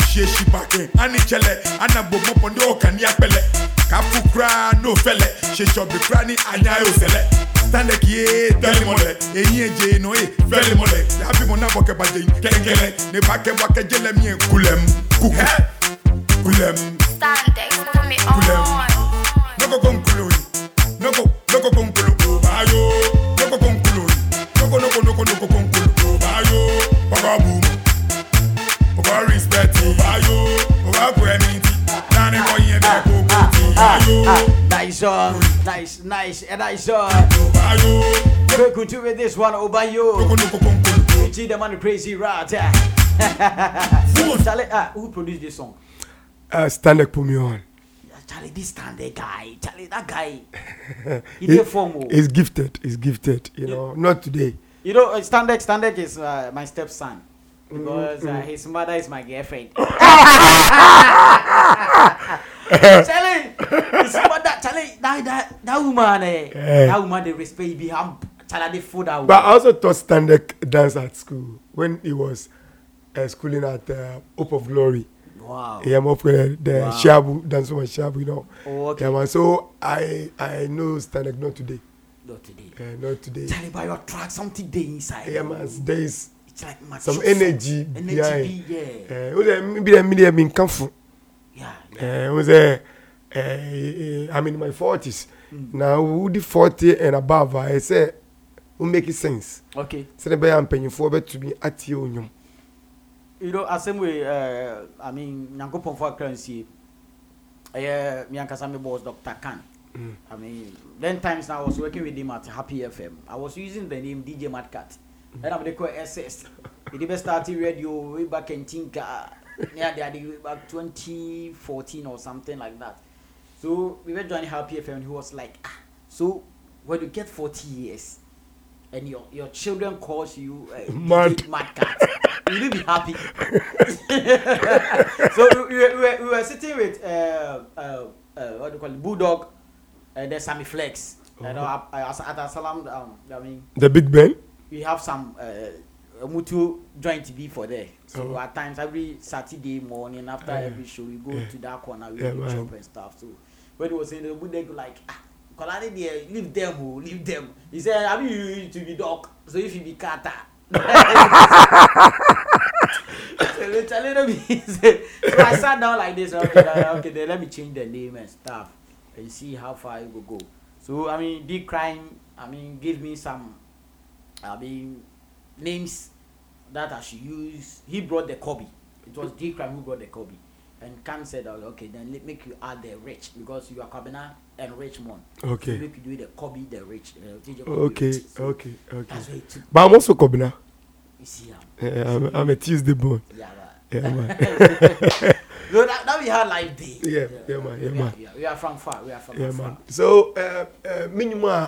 shie shi bakin ani chele anagbo mọpọ ndị ụka ni akpele kapu kura n'ofele sheshobi kura ni anya osele stanley kie deli mọlẹ eyin eje ino e, e fẹli mọlẹ yabi mọ nabọ kẹbàjẹ kẹkẹlẹ ne ba kẹbọ kẹjẹlẹ mi kulẹm kuku kulẹm kulẹm nogogo nkulu nogogo nkulu. Ah, ah, ah, nice, uh, nice, nice, and eh, nice. Uh, Obayo. We'll continue with this one, Obayo. You see the man crazy rat. Eh? [laughs] Charlie, uh, who produced this song? Uh, Standard put me on. Charlie, this standard guy, Charlie, that guy, [laughs] he did He's oh. gifted. He's gifted. You know, not today. You know, standard, uh, standard is uh, my stepson. because uh, his mother is my girlfriend. [laughs] Charlie, his mother, Charlie, that that that woman, eh, yeah. that woman, they respect be ham. Charlie, they fool that woman. But I also taught standard dance at school when he was uh, schooling at uh, Hope of Glory. Wow. Yeah, I'm up with uh, the wow. Shabu dance with Shabu, you know. Oh, okay. Yeah, man. So I I know standard not today. Not today. Uh, not today. Charlie, but your track something day inside. Yeah, man. There is like some energy behind ẹ o sẹ bi dẹ mi dẹ mi nkan fun ẹ o sẹ ẹ i'm in my forties mm. na o di forty and above ẹ sẹ o make sense Okay. sẹni bẹ yà mpanyinfoɔ bẹ tumi ati o nyom. you know asem wey uh, eh, i mean nyankopɔn fɔ eh, akra nsie ɛyɛ miankasa mi boss dr khan. Mm. I mean, then times now I was working with him at Happy FM. I was using the name DJ Madcat. Mm. ɛna mede kɔ ss mede bɛstarte radio way back antinka ne ade ade back 2014 or something like that so we went joining happy he was like ah so when you get 40 years and your your children calls you uh, [laughs] mad. mad cat will you be happy [laughs] so we, we, were, we were sitting with uh, uh, uh, what do you call it bulldog and then sammy flex uh-huh. and, uh, at, at, at, at, um, I mean, the big ben we have some uh, mutual joint be for there. So oh. at times every Saturday morning after uh, every show we go yeah. to that corner we yeah, do chop and stuff. So when he was saying the boot they go like ah Kolani there leave them who oh, leave them. He said I mean you, you to be dog so if you be kata. so literally let me say so I sat down like this okay like, okay then let me change the name and stuff and see how far it will go. So I mean big crime I mean give me some I mean, names that I should use. He brought the Kobe. It was D. Crime who brought the Kobe. And Khan said, oh, okay, then let make you add the rich because you are Kabina and rich man. Okay. So make you do the Kobe, the rich. Uh, okay, rich. So okay, okay. But I'm also Kabina. You see, I'm, yeah, eh, I'm, I'm a Tuesday born. Yeah, right. Yeah, man. [laughs] no, that, that we have live day. Yeah, yeah, yeah man, yeah, man. we, are, we are from far. We are from yeah, far. Man. So, uh, uh, minimum.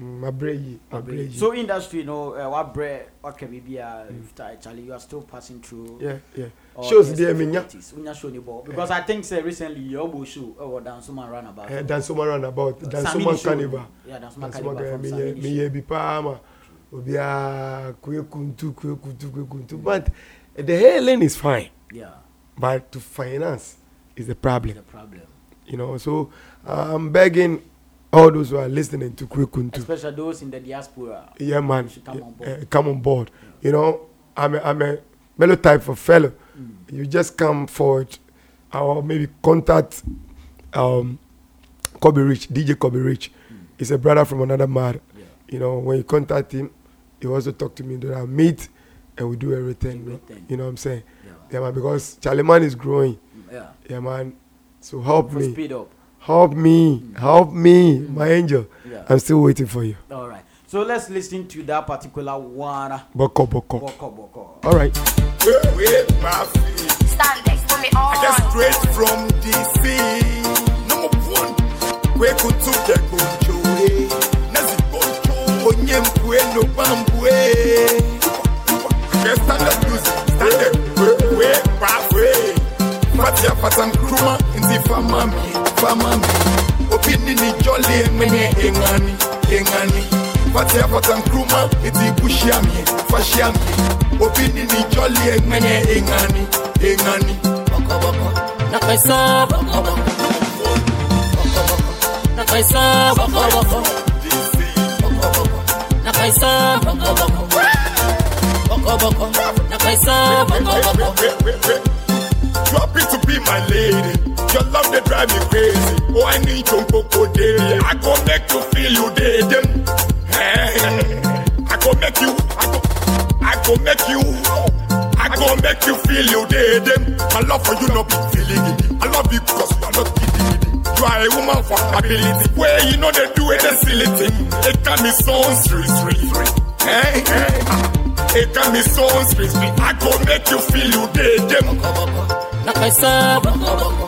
mabrɛ yi mabrɛ yi so industry no wabrɛ waka biribi a actually you are still passing through yeah yeah shows deɛ menya wonya show ne bɔ because i think say recently your obo show uh, ɛwɔ dansoma runabout ɛɛ eh, dansoma runabout dansoma carnival dansoma carnival meyɛ bi paa kuntu obiara kuntu kuekuntu kuntu. but eh, the hailing is fine yeah but to finance is the problem is the problem you know so i'm begging all those who are listening to Kwekuntu. Especially those in the diaspora. Yeah, man. Come on board. Uh, come on board. You know, I'm a, I'm a mellow type of fellow. Mm. You just come forward or maybe contact um, Kobe Rich, DJ Kobe Rich. Mm. He's a brother from another mother. Yeah. You know, when you contact him, he also talk to me. Then I meet and we do everything. everything. You know what I'm saying? Yeah, yeah man, because Charlemagne is growing. Yeah. Yeah, man. So help People me. Speed up help me, help me, my angel. Yeah. I'm still waiting for you. All right. So let's listen to that particular one. Boko boko. Boko boko. All right. Wait, wait, my feet. Stand next to me on. I get straight from DC. Number one. We could took the control. Nazi control. Onye mpwe no bambwe. Get stand up music. Stand up. Wait, wait, my feet. Fatia fatam kruma. Ndi famami famami opini ni emene engani engani opini ni emene engani engani Drop it to be my lady your love they drive me crazy. Oh, I need you poco daily. I go make you feel you dead them. Eh, I go make you. I go. I go make you. I go make you feel you dead them. My love for you not be feeling it. I love you because you are not kidding it. You are a woman for ability. Where you know they do it, they silly thing. It can be so three three three. Hey, eh, eh, hey. It can be so three three. I go make you feel you dead them. Like I said.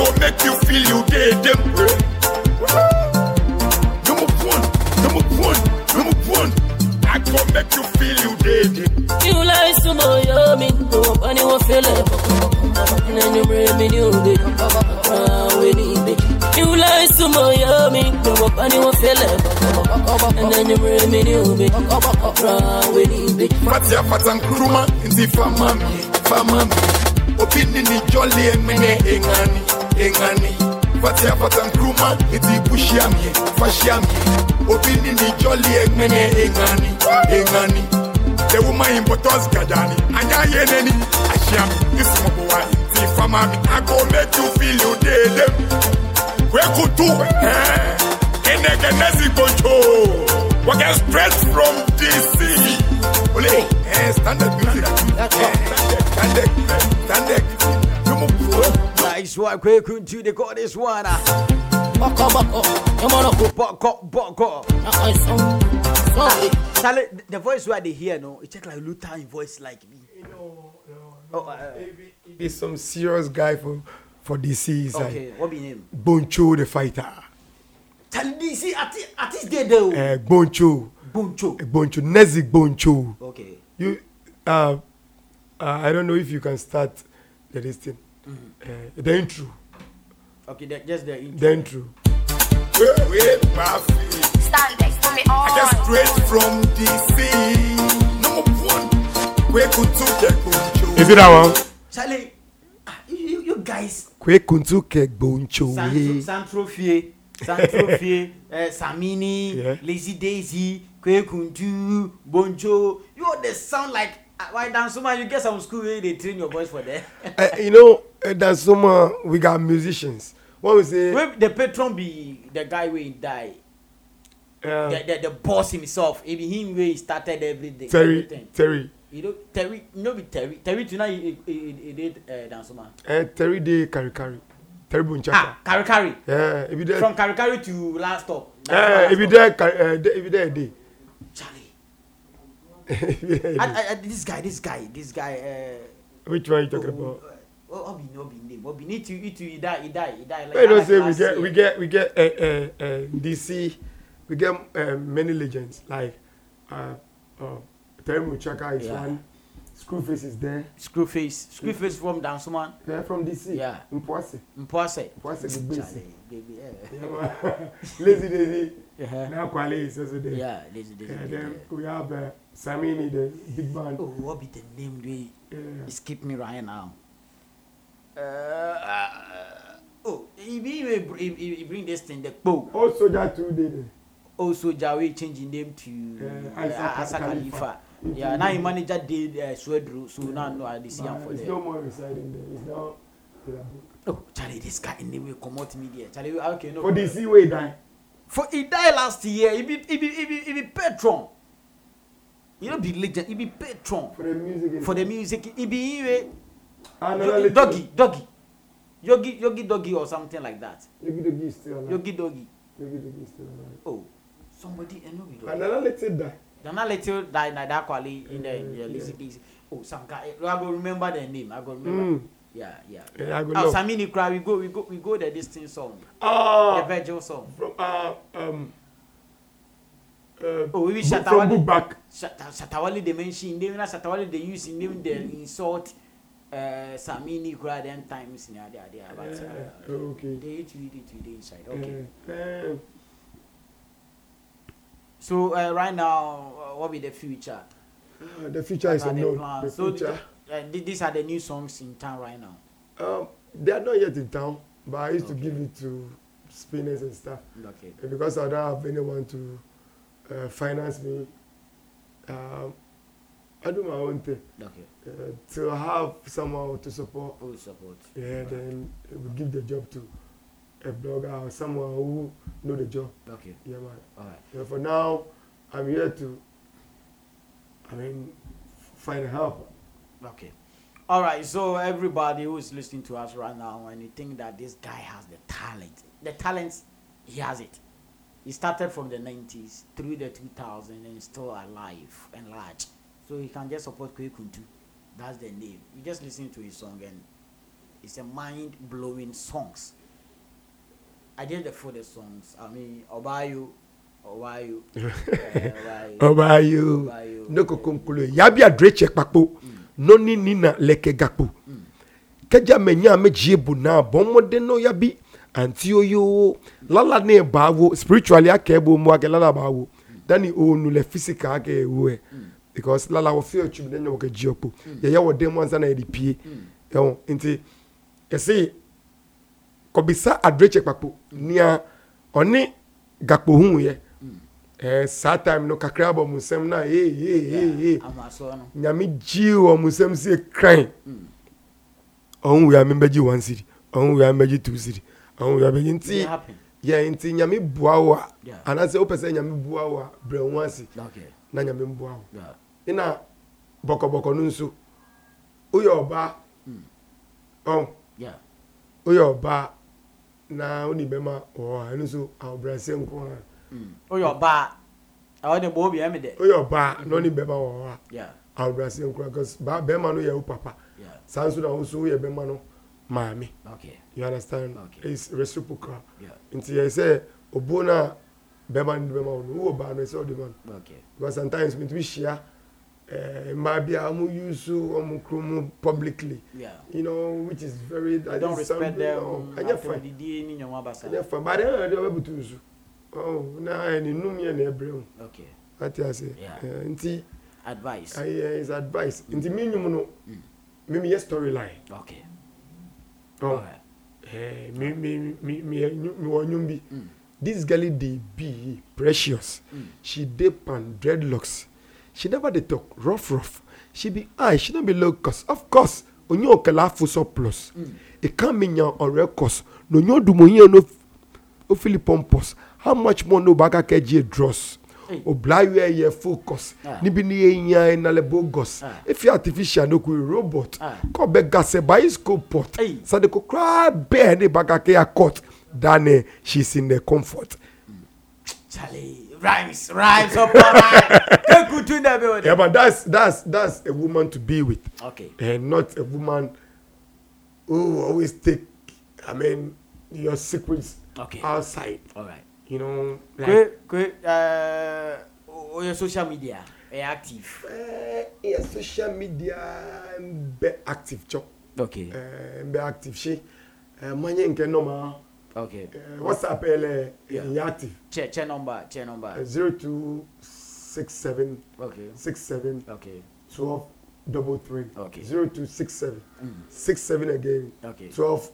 go make you feel you dead them bro. Number one, number one, number one. I go make you feel you dead. You lie to my yummy, no one will feel it. And then you bring me new day. Uh, we need it. You lie to my yummy, no one will feel it. And then you bring me new day. Uh, we need it. Fatia Fatan Kuruma, Ndi Famami, Famami. Opinion ni jolly and mene engani engani vatia vatankruma idibushiamye fashiamye obini nijoli egmene engani engani ewuma imbotozi kajani anyayeneni ashiami isimobowa tifamami ago make you feel you dey dem wekutu enegenezi eh, gbojo working straight from dc ole eh, standard music eh, standard standard standard. Nice one, quick to the got this one. Ah. Boko boko, come on up. Oh. Boko boko. Uh-uh, Sally, the voice where they hear, no, it check like Lutheran voice like me. Eh, oh, uh, it is some serious guy for for DC. Okay, what be him? Boncho the fighter. Tell DC at at this day though. Uh, Boncho. Boncho. Eh, Boncho. Nezi Boncho. Okay. You, uh, uh, I don't know if you can start the listing. Mm-hmm. Uh, eh, the intro. Okay, that, just the intro. The intro. Wait, wait, Buffy. Stand next to me all. I just straight from DC. Number one. Where could you get control? Is it that one? Charlie, ah, you, you guys. Kwe kuntu ke gboncho ye. Eh? Santrofie, Santrofie, uh, [laughs] Samini, Lazy Daisy, Kwe kuntu, Boncho. You all they sound like ah, why dance Suma, You get some school where they train your voice for that. uh, you know, that's someone we got musicians What we say. wey the patron be the guy wey die. Um, the, the the boss himself e be him wey started everything. terry everything. terry. you know terry no be terry terry tonight e e e dey uh, dansoma. Eh, terry dey carry carry. terry bonchaka. ah carry carry. Yeah, if from carry carry to last stop. Uh, if you there [laughs] if you there e dey. charlie. if this guy this guy this guy. Uh, which one you talking uh, about ọ bi no bi nde but bi need to itu ida ida ida like that. say we get we get eh, eh, eh, we get uh, uh, uh, DC, we get uh, many legends like uh, uh, Terry Chaka is yeah. one. Screwface is there. Screwface, Screwface from Dansuman. Yeah, from DC. Yeah. Mpoase. Mpoase. Mpoase the base. [laughs] Lazy Daisy. Yeah. Uh-huh. Now Kwale is also there. Yeah, Lazy Daisy. Yeah, then we have uh, Samini, the big band. Oh, what be the name? They yeah. escape me right now. Uh, uh, oh he be e bring this thing the kpo. old oh, soldier too dey there. old oh, soldier wey change name to uh, asa khalifa. yeah now he manager did uh, swedro so yeah. now no i dey see am for there. he no more residing there he now tirabuk. oh charlie this guy anyway comot me there charlie okay no. for the sea way die. for he died last year he be he be he be he be patron You know, be legend he be patron. for the music. for the music he be iwe doggy doggy yogi yogi doggy or something like that. yogi doggy is still alive. yogi doggy. yogi doggy is still alive. oh somebody eno eh, be doggy. anana little die. anana little die na that kwali in the in the lisi lisi oh some guy eh, i go remember the name i go remember. Mm. Yeah, yeah. yeah I go oh, Samini Kra, we go, we go, we go the distance song. Ah, uh, the Virgil song. From uh, um, uh, oh, we Shatawali, from book back. Shat Shatawali they mention, they na Shatawali they use in name they insult uh, eh, Samini grad and times near the idea about uh, eh, eh, oh, okay. they eat with it inside. Okay. So uh, right now, uh, what be the future? Uh, the future is unknown. The, the so future. Th- uh, these are the new songs in town right now. Um, they are not yet in town, but I used okay. to give it to spinners and stuff. Okay. And because I don't have anyone to uh, finance me. Um, I do my own thing. Okay. Uh, to have someone to support. Who support? Yeah, right. then we give the job to a blogger or someone who know the job. Okay. Yeah, man. All right. Yeah, for now, I'm here to. I mean, find help. Okay. All right. So everybody who is listening to us right now, and you think that this guy has the talent, the talent, he has it. He started from the 90s through the 2000s and still alive and large. So he can just support Kwe Kuntu. That's the name. You just listen to his song and it's a mind blowing songs. I did the for the songs. I mean Obayu [laughs] uh, Obayu uh, Obayu No Kunkulu Yabia Dreche Papo mm. Noni Nina Leke Gapo mm. Kaja Menya Mejibu na Bomode no Yabi Anti Oyo Lala Ne Bawo spiritually Akebo Mwake Lala Bawo mm. Dani Onu Le Physical Ake Uwe mm because lala wɔfe atwum na nya wɔkagyi ɔkpo hmm. yɛyɛ wɔ dan mu ansa na yɛde pie hmm. ɛho nti yɛse kɔbisa adrekyɛ kpakpo hmm. nea ɔne gakpo huuyɛ ɛɛ saa time no kakra bɔ mu nsɛm na ee ee ee ee nyame gyee wɔ mu si ekran ɔhun wia mi bɛgye one city ɔhun wia mi bɛgye two city ɔhun wia mi bɛgye nti yɛ nti nyame bua wɔ a o pɛ sɛ nyame bua wɔ brɛ wɔn ase na nyame bua wɔ. ina bọkọbọkọ n'nso ụyọ hmm. hmm. ọba ọ ụyọ ọba na ọ na-eme ma ọ n'nso awụbrasị ha ụyọ ọba ọ na obi emi dị ụyọ ọba na ọ na ha awụbrasị nkwụ ha because bẹẹma no yẹ ọ papa saa nso na ọsọ ọ bẹẹma no maame you understand okay. it's reciprocal nti yẹ sẹ obuo na bẹẹma no bẹẹma ọ no ụyọ ọba no ẹ sẹ ọ dị ma no because sometimes mi tumi uh, eh, Mabiamu Yusu Omukrumu publicly. Yeah. You know, which is very. I don't respect them. I just find. the I just find. But then I don't able to use. Oh, now na any me and Abraham. Okay. Ati ase. Yeah. Uh, nti. Advice. Uh, yeah, it's advice. Mm. Nti minimum no. me hmm. Mimi yes storyline. Okay. Oh. Okay. Eh, me me me me me me nyum bi. Hmm. This girl dey be precious. Mm. She dey pan dreadlocks. Mm. She never dey talk rough rough. She be high, she no be low cost. Of course, onye okela plus. surplus. Ìkan mi yan ọ̀rẹ́ cost. N'onye odumo yẹn no o fili pompous. How much more no baga kẹ́jì dross? Oblayo ẹyẹ e focus. Níbi ah. ni eyan ẹnalẹ e bogus. Efi ah. artificial no ku robot. Ah. Kọ̀bẹ gasẹ̀ e báyìí scope pot. Sadeko kura bẹ́ẹ̀ ni baga kẹ́yà cut. Daniel, she's in the comfort. Charlie rhymes, rhymes upon rhymes. [laughs] yeah, but that's that's that's a woman to be with. Okay. And eh, not a woman who always take, I mean, your secrets okay. outside. All right. You know, like. Great, great, uh, your social media, are eh, active. Uh, yeah, social media, be active, chop. Okay. Uh, be active, she. Uh, manye nke normal. Okay. Uh, WhatsApp ele yeah. Nyati. Che che number, che number. Eh, zero two six seven. Okay. Six seven. Okay. Twelve double three. Okay. Zero two six seven. Mm. Six seven again. Okay. Twelve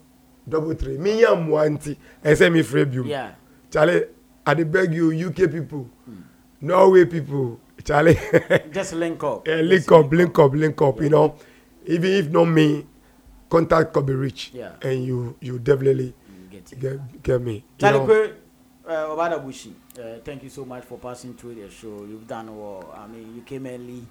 double 3. Me yam wanti SME Frebium. Yeah. Charlie, I dey beg you UK people. Mm. Norway people, Charlie. [laughs] Just link up. Yeah, link up, link up, link up, yeah. you know. Even if not me, contact could be rich. Yeah. And you you definitely get. Get, get me. Talikwe uh, Obadabushi, uh, thank you so much for passing through the show. You've done well. I mean, you came early.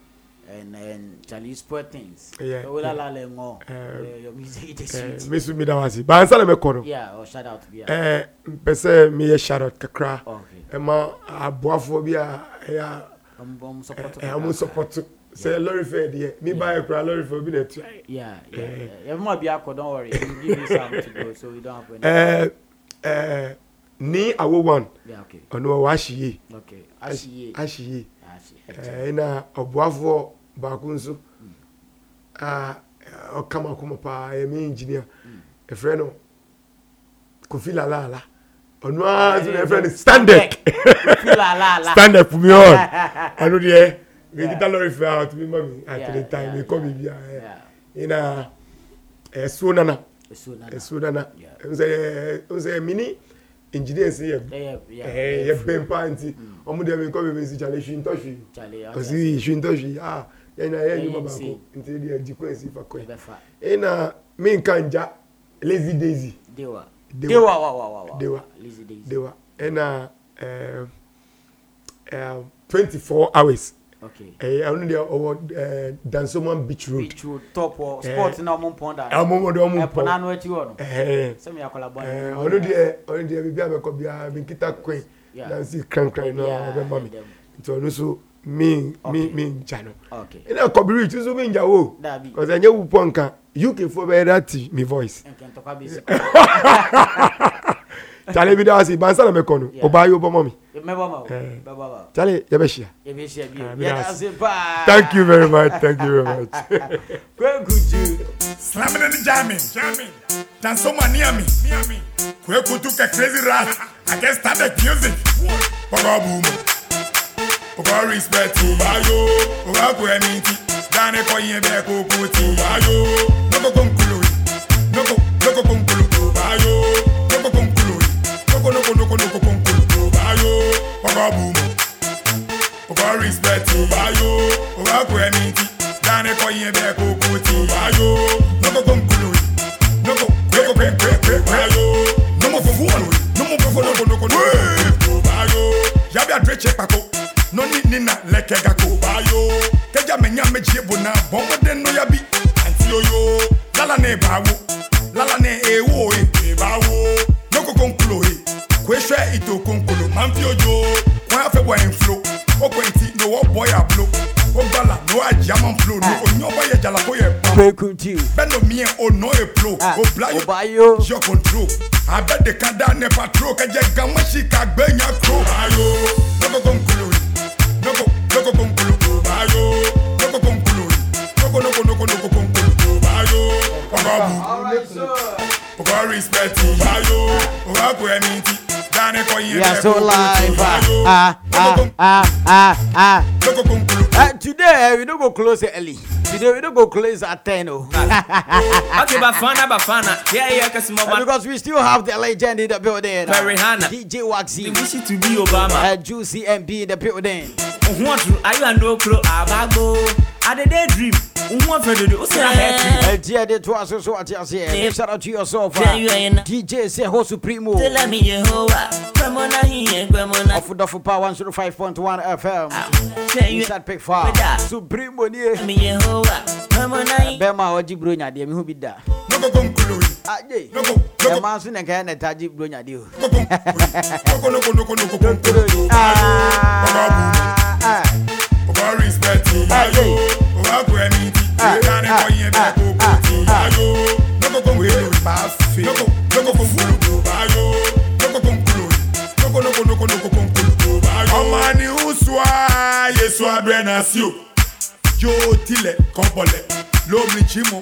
And and Charlie spoil things. Yeah. So, yeah. Uh, uh, your music is uh, sweet. Uh, Miss Midawasi. Ba ansa le me kono. Yeah, or oh, shout out to you. Eh, pese me a shout out to kakra. Okay. E ma bi a ya. Am bom support. Eh, am sɛ lorry fare deɛ me buy kura lorry fare obi na eh. yeah yeah yeah ɛfuma bi akɔ don't worry you give me some to go so we don't have any. ɛɛ ɛɛ ní awo one ɔno ɔwɔ ahyiye ahyiye ɛɛ eh, na ɔboafoɔ baako nso mm. a ah, ɔkama eh, akoma paa ɛyɛ me engineer ɛfrɛ mm. no kofi lalaala ɔno ara nso na ɛfrɛ no standard [laughs] standard fumi on ɔno [laughs] deɛ vegeta lɔri fɛ a tun bɛ ma mi a tɛnɛ ta ye kɔ mi bi a mm. i na ɛ so nana ɛ so nana nsɛ mini injiniɛnsi yɛ ɛ yɛ fɛn pan ti ɔmu de mi kɔ mi mi si cale suntɔ su kasi suntɔ su a yɛna yɛ yuma baako nti de yɛ jiko esi fa kɔ ye i na min kan ja lazy daisy dewa dewa dewa dewa ɛ na ɛɛ ɛɛ twenty four hours ɛno deɛ ɔwɔ dansoman beach road beach road top wɔ uh, sport eh. na ɔmo mpɔn da ɔmo ɔmo de ɔmo mpɔn ɛpɔn ano akyi wɔ no sɛmi akɔla bɔ ɛɛ ɔno deɛ ɔno deɛ bibi abɛkɔ bia mi nkita koe dansi krankran na ɔbɛma mi nti ɔno so mi mi mi nkya no ɛna kɔbiri tu so mi nkya wo kɔsɛ nye wupɔ nka uk fo bɛyɛ dati mi voice. [laughs] Chale bi dawasi bansa na mekono. Oba yo bomo mi. Eh. Chale yabeshia. Yabeshia bi. Thank you very much. Thank you very much. [laughs] Kwekuju. Slamming the jamming. niami. Niami. Kwekuju crazy rap. I can start the music. Baba boom. Oba respect to bayo. Oba ko eniti. Dane ko yin be ko ko ti bayo. Noko konkulo. Noko noko konkulo noko noko noko noko konkolo. Obayo, ọba bumu, respect. Obayo, ọba kò ẹni tí. Dáná ẹ̀kọ́ yẹn bẹ́ẹ̀ kó kó tí. Obayo, noko konkolo. Noko kwekwe kwekwe kwekwe. Obayo, nomo fún fún ọ̀nà. Nomo fún fún noko noko noko. Obayo, yàbí àdúrẹ́tsẹ̀ pàkó. Nọ́ni nínà lẹ́kẹ̀ẹ́ gàkó. Obayo, kẹjá mẹ̀nyá méjì ebò náà. Bọ́mọdé nóyà bí. Àǹtí oyo, lálá ní ìbáwó, lálá ní Antiojo, when I feel wine flow, O Quenti, no what boy I blow. O Gala, no I jam and flow, no Onyoba ye jala ko ye pump. Pray kunti. Bendo mi en o no e blow, O Blayo, Obayo, your control. I bet they can down ne patrol, ke je gamma she ka gbe nya kro. Ayo, no go gon kulo. No go, no go gon kulo. Ayo, no go gon kulo. No go, no go, no go, no go gon kulo. Ayo, Ogabu. Ogabu respect. Ogayo, Ogabu emiti. We are so live. Ah, ah, ah, ah, ah. today, we don't go close early. Today, we don't go close at ten o. okay, Bafana, Bafana. Yeah, yeah, because uh, Because we still have the legend in the building. Ferrihana. DJ Waxy. We wish it to be Obama. Uh, Juicy MB in the building. Are you a no know, Abago adede dream nwa fẹdodo o sira hair cream. ẹtí ẹ de tó aṣọ sọ àti àṣẹ ẹ shout out to yourself dj ṣe ho supreme o. tẹ́lẹ̀ mi yẹ ho wa gbẹmọ náà yìnyẹn gbẹmọ náà. ọ̀fùdọ̀fù pa one zero oh five point one fm ah, inside pick four supreme o ní ye. mi yẹ ho wa gbẹmọ náà yìnyẹn. bẹ́ẹ̀ ma ọ jí buro nyàdé mi hu bi da. lọ́kọ̀ọ́kọ́ nkúlò yìí. ajé ẹ máa sún nìkan ẹ̀ nẹ̀ta jí buro nyàdé o. lọ́kọ̀ọ́kọ́ nkúlò yìí wọ́n respect yìí. Ayo, òun á gbọ́ ẹni tí. Ìdáni ah, ah, kọ́ yẹn bẹ́ẹ̀ kó kó ah, tí. Ayo, lókòkò ń gbèrò ìbá fè. Lókòkò ń gbòòrò tó bá yó. Lókòkò ń gbòòrò. Lókò lókò lókò lókòkò ń gbòòrò tó bá yó. Ọmọ ni ó sọ ààyè sọ abẹ́ náà sí o. Yóò tilẹ̀ kọ́ bọ̀lẹ̀. Lómi jí mu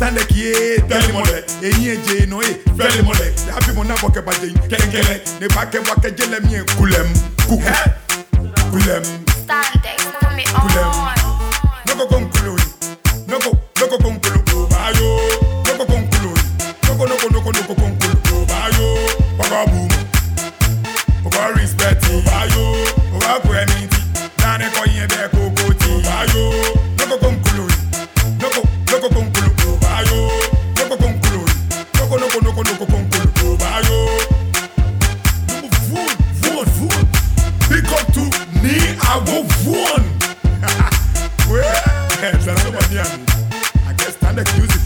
tande kie tele mole enyi eje no e fele mole ya bi mo na bo ke baje kenkele ne ba ke wa ke jele mi kulem kuku kulem tande come me on kulem no go konkulu no go no go konkulu o ba yo no go konkulu no go no go no go no go konkulu o ba yo ba ba bu o ba respect o ba yo o ba bu eni ti dane ko yin be ko I will one. [laughs] well, I can stand accusing.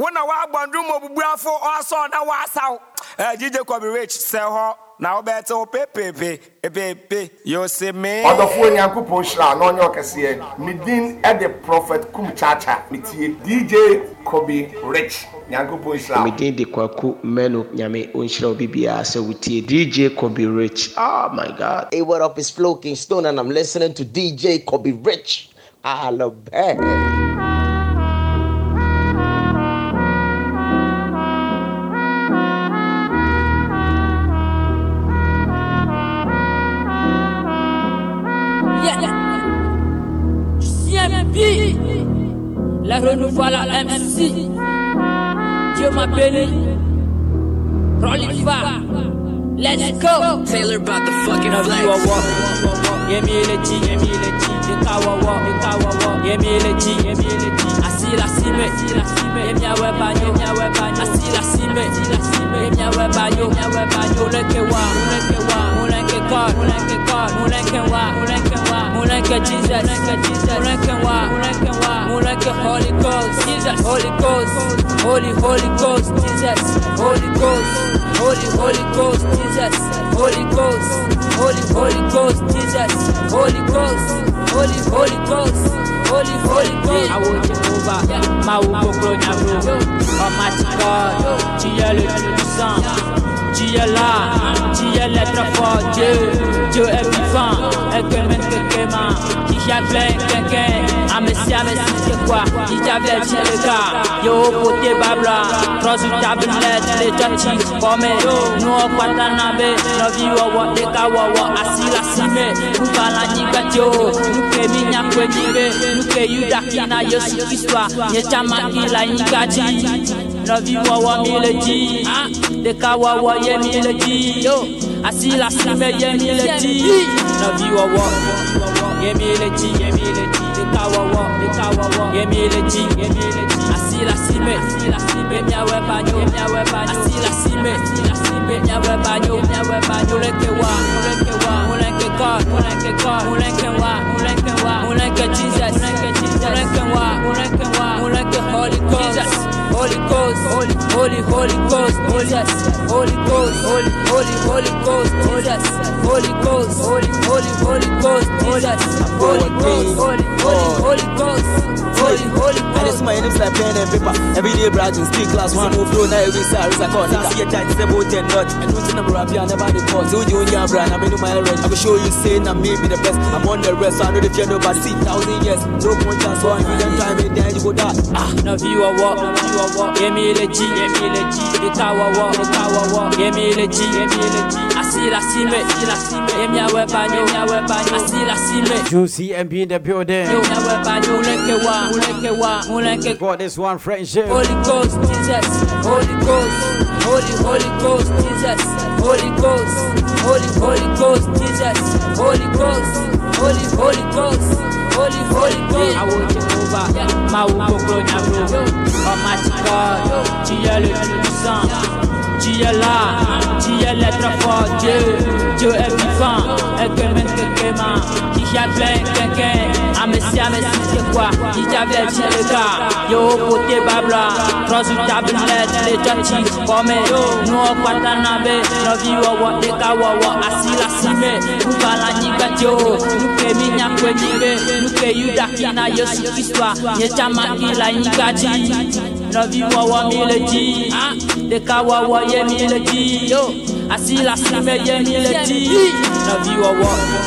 When I room wo na woabɔndro mu obubuafo ɔsɔ na woasaw agye jacob rich sell Now sɛ hɔ na wobɛte wo You see me ɔdɔfoɔ nyankopɔn hyira na ɔnyɛ ɔkɛseɛ medin ɛde prophet kum chacha Miti dj kobi rich nyankopɔn hyira Midin de kwaku mɛno nyame ɔnhyira wo bibiaa sɛ dj kobi rich oh my god hey what up is flo Stone and i'm listening to dj kobi rich I love alabama Fala MC, Dieu m'a béni, let's go. Taylor about the fucking of Yemi le G, Yemi le G, Yemi le G, Yemi Yemi le Yemi le asila sibe emyawe banyo asila sibe emyawe banyo muleke wa muleke god muleke wa muleke jesus muleke wa muleke holy ghost jesus holy ghost holy holy ghost jesus holy ghost holy holy ghost jesus holy ghost holy holy ghost jesus holy ghost holy holy ghost Holy, holy God, I will Jehovah. Ma ou koklo nyabro. Almighty God. Tu es le Dieu du sang. Tu es là, tu es l'être fort, Dieu, Dieu est vivant, et que même quelqu'un, qui quelqu'un, à messie, à messie, c'est quoi, qui j'avais dit le gars, yo, côté babla, trois une tablette, les tati, comme nous, on va t'en avoir, la vie, wawa, des kawawa, assis la cime, nous, la nous, que mignon, que nous, que yuda, qui n'a yo, ce qui soit, y'a ta maquille, la Novi wawa ji ah, Deka wawa ye mille ji Asi la sime ye mille ji wawa ye mille ji Deka wawa ye le ji Asi la sime Miawe banyo Asi la sime Miawe Muleke wa Muleke God Muleke wa Muleke wa Muleke Jesus Muleke wa Muleke Holy Ghost Holy Ghost, Holy, Holy, Holy Ghost, holy. Holy Ghost, Holy, Holy, Holy Ghost, holy. Holy Ghost, Holy, Holy, Holy Ghost, Jesus, Holy Ghost, Holy, Holy, Holy Ghost, Holy, Holy Ghost. And it's my name's like pen and paper. Everyday bragin, speak class one, move flow, now every star is a cause. I see a tight, it's about ten nuts. And who's in the rap, yeah, never the cause. Who you your brand, I'm in my red. I'm sure you say, I'm maybe the best. I'm on the rest, so I know the fear nobody. See, thousand years, no point chance, one, you don't time it, then you go die. Ah, now you are what? wawa, give me the G, give me the G, Juicy MP in the building. Yo, a one friendship. Holy Ghost, Jesus, Holy Ghost, Holy Holy Ghost, Jesus, Holy Ghost, Holy Holy Ghost, Jesus. Mè si te kwa, di chave di lega Yo pou te babla Tros yu tabi mèd, le chan chi Kome, nou ou patan nabe Navi wawon, dekawawon Asi la sime, kou bala ni gati Yo, nou ke mi nyakwe nime Nou ke yu dakina, yo si kiswa Nye chan man ki la ni gati Navi wawon, mi leji Dekawawon, ye mi leji Asi la sime, ye mi leji Navi wawon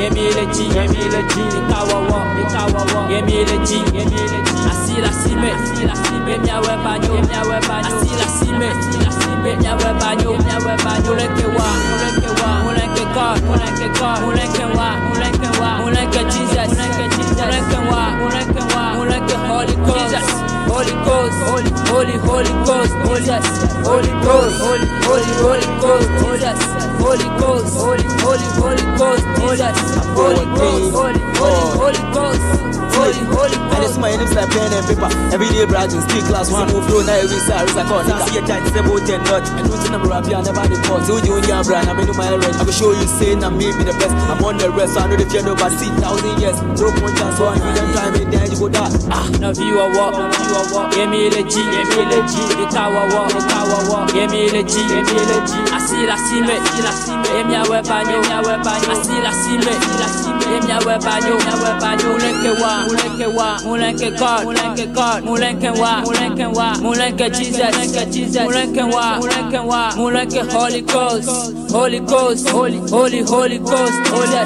yeah me the G, yeah me the G, the kawawa, the kawawa, yeah me the G, yeah me the G. I see la see me, see la see me, me a wear banyo, me a wear banyo. I see la see me, see la see me, me a wear banyo, me a wear banyo. Muleke wa, muleke wa, muleke God, muleke God, muleke wa, muleke wa, muleke Jesus, muleke Jesus, muleke wa, muleke wa, muleke Holy Ghost. Jesus. Holy Ghost, Holy, Holy, Holy Ghost, holy. Holy Ghost, Holy, Holy, Holy Ghost, Jesus, Holy Ghost, Holy, Holy, Holy Ghost, Holy Holy, Holy, Ghost, Holy, Holy Ghost. And it's my lips like pen and paper. Every day, brothers, speak class one, move through, now every star is a call. Now see a tight, step out and not. And who's in the rap, I never did fall. So you and your brand, I'm in my red. I can show you saying I'm me be the best. I'm on the rest, I know the fear nobody. See, thousand years, no one chance, so I need them time, and then you go die. Ah, now you are what, you are wa, yeah me legit, yeah me legit. The tower wa, the tower wa, yeah me legit, yeah me legit. I see la silhouette, yeah me a Yenyawe Banyu, Yenyawe Banyu, Mulenke Wa, muleke Wa, muleke God, muleke God, muleke Wa, muleke Wa, muleke Jesus, muleke Jesus, Mulenke Wa, muleke Wa, Mulenke Holy Ghost, Holy Ghost, Holy, Holy, Holy Ghost, Holy,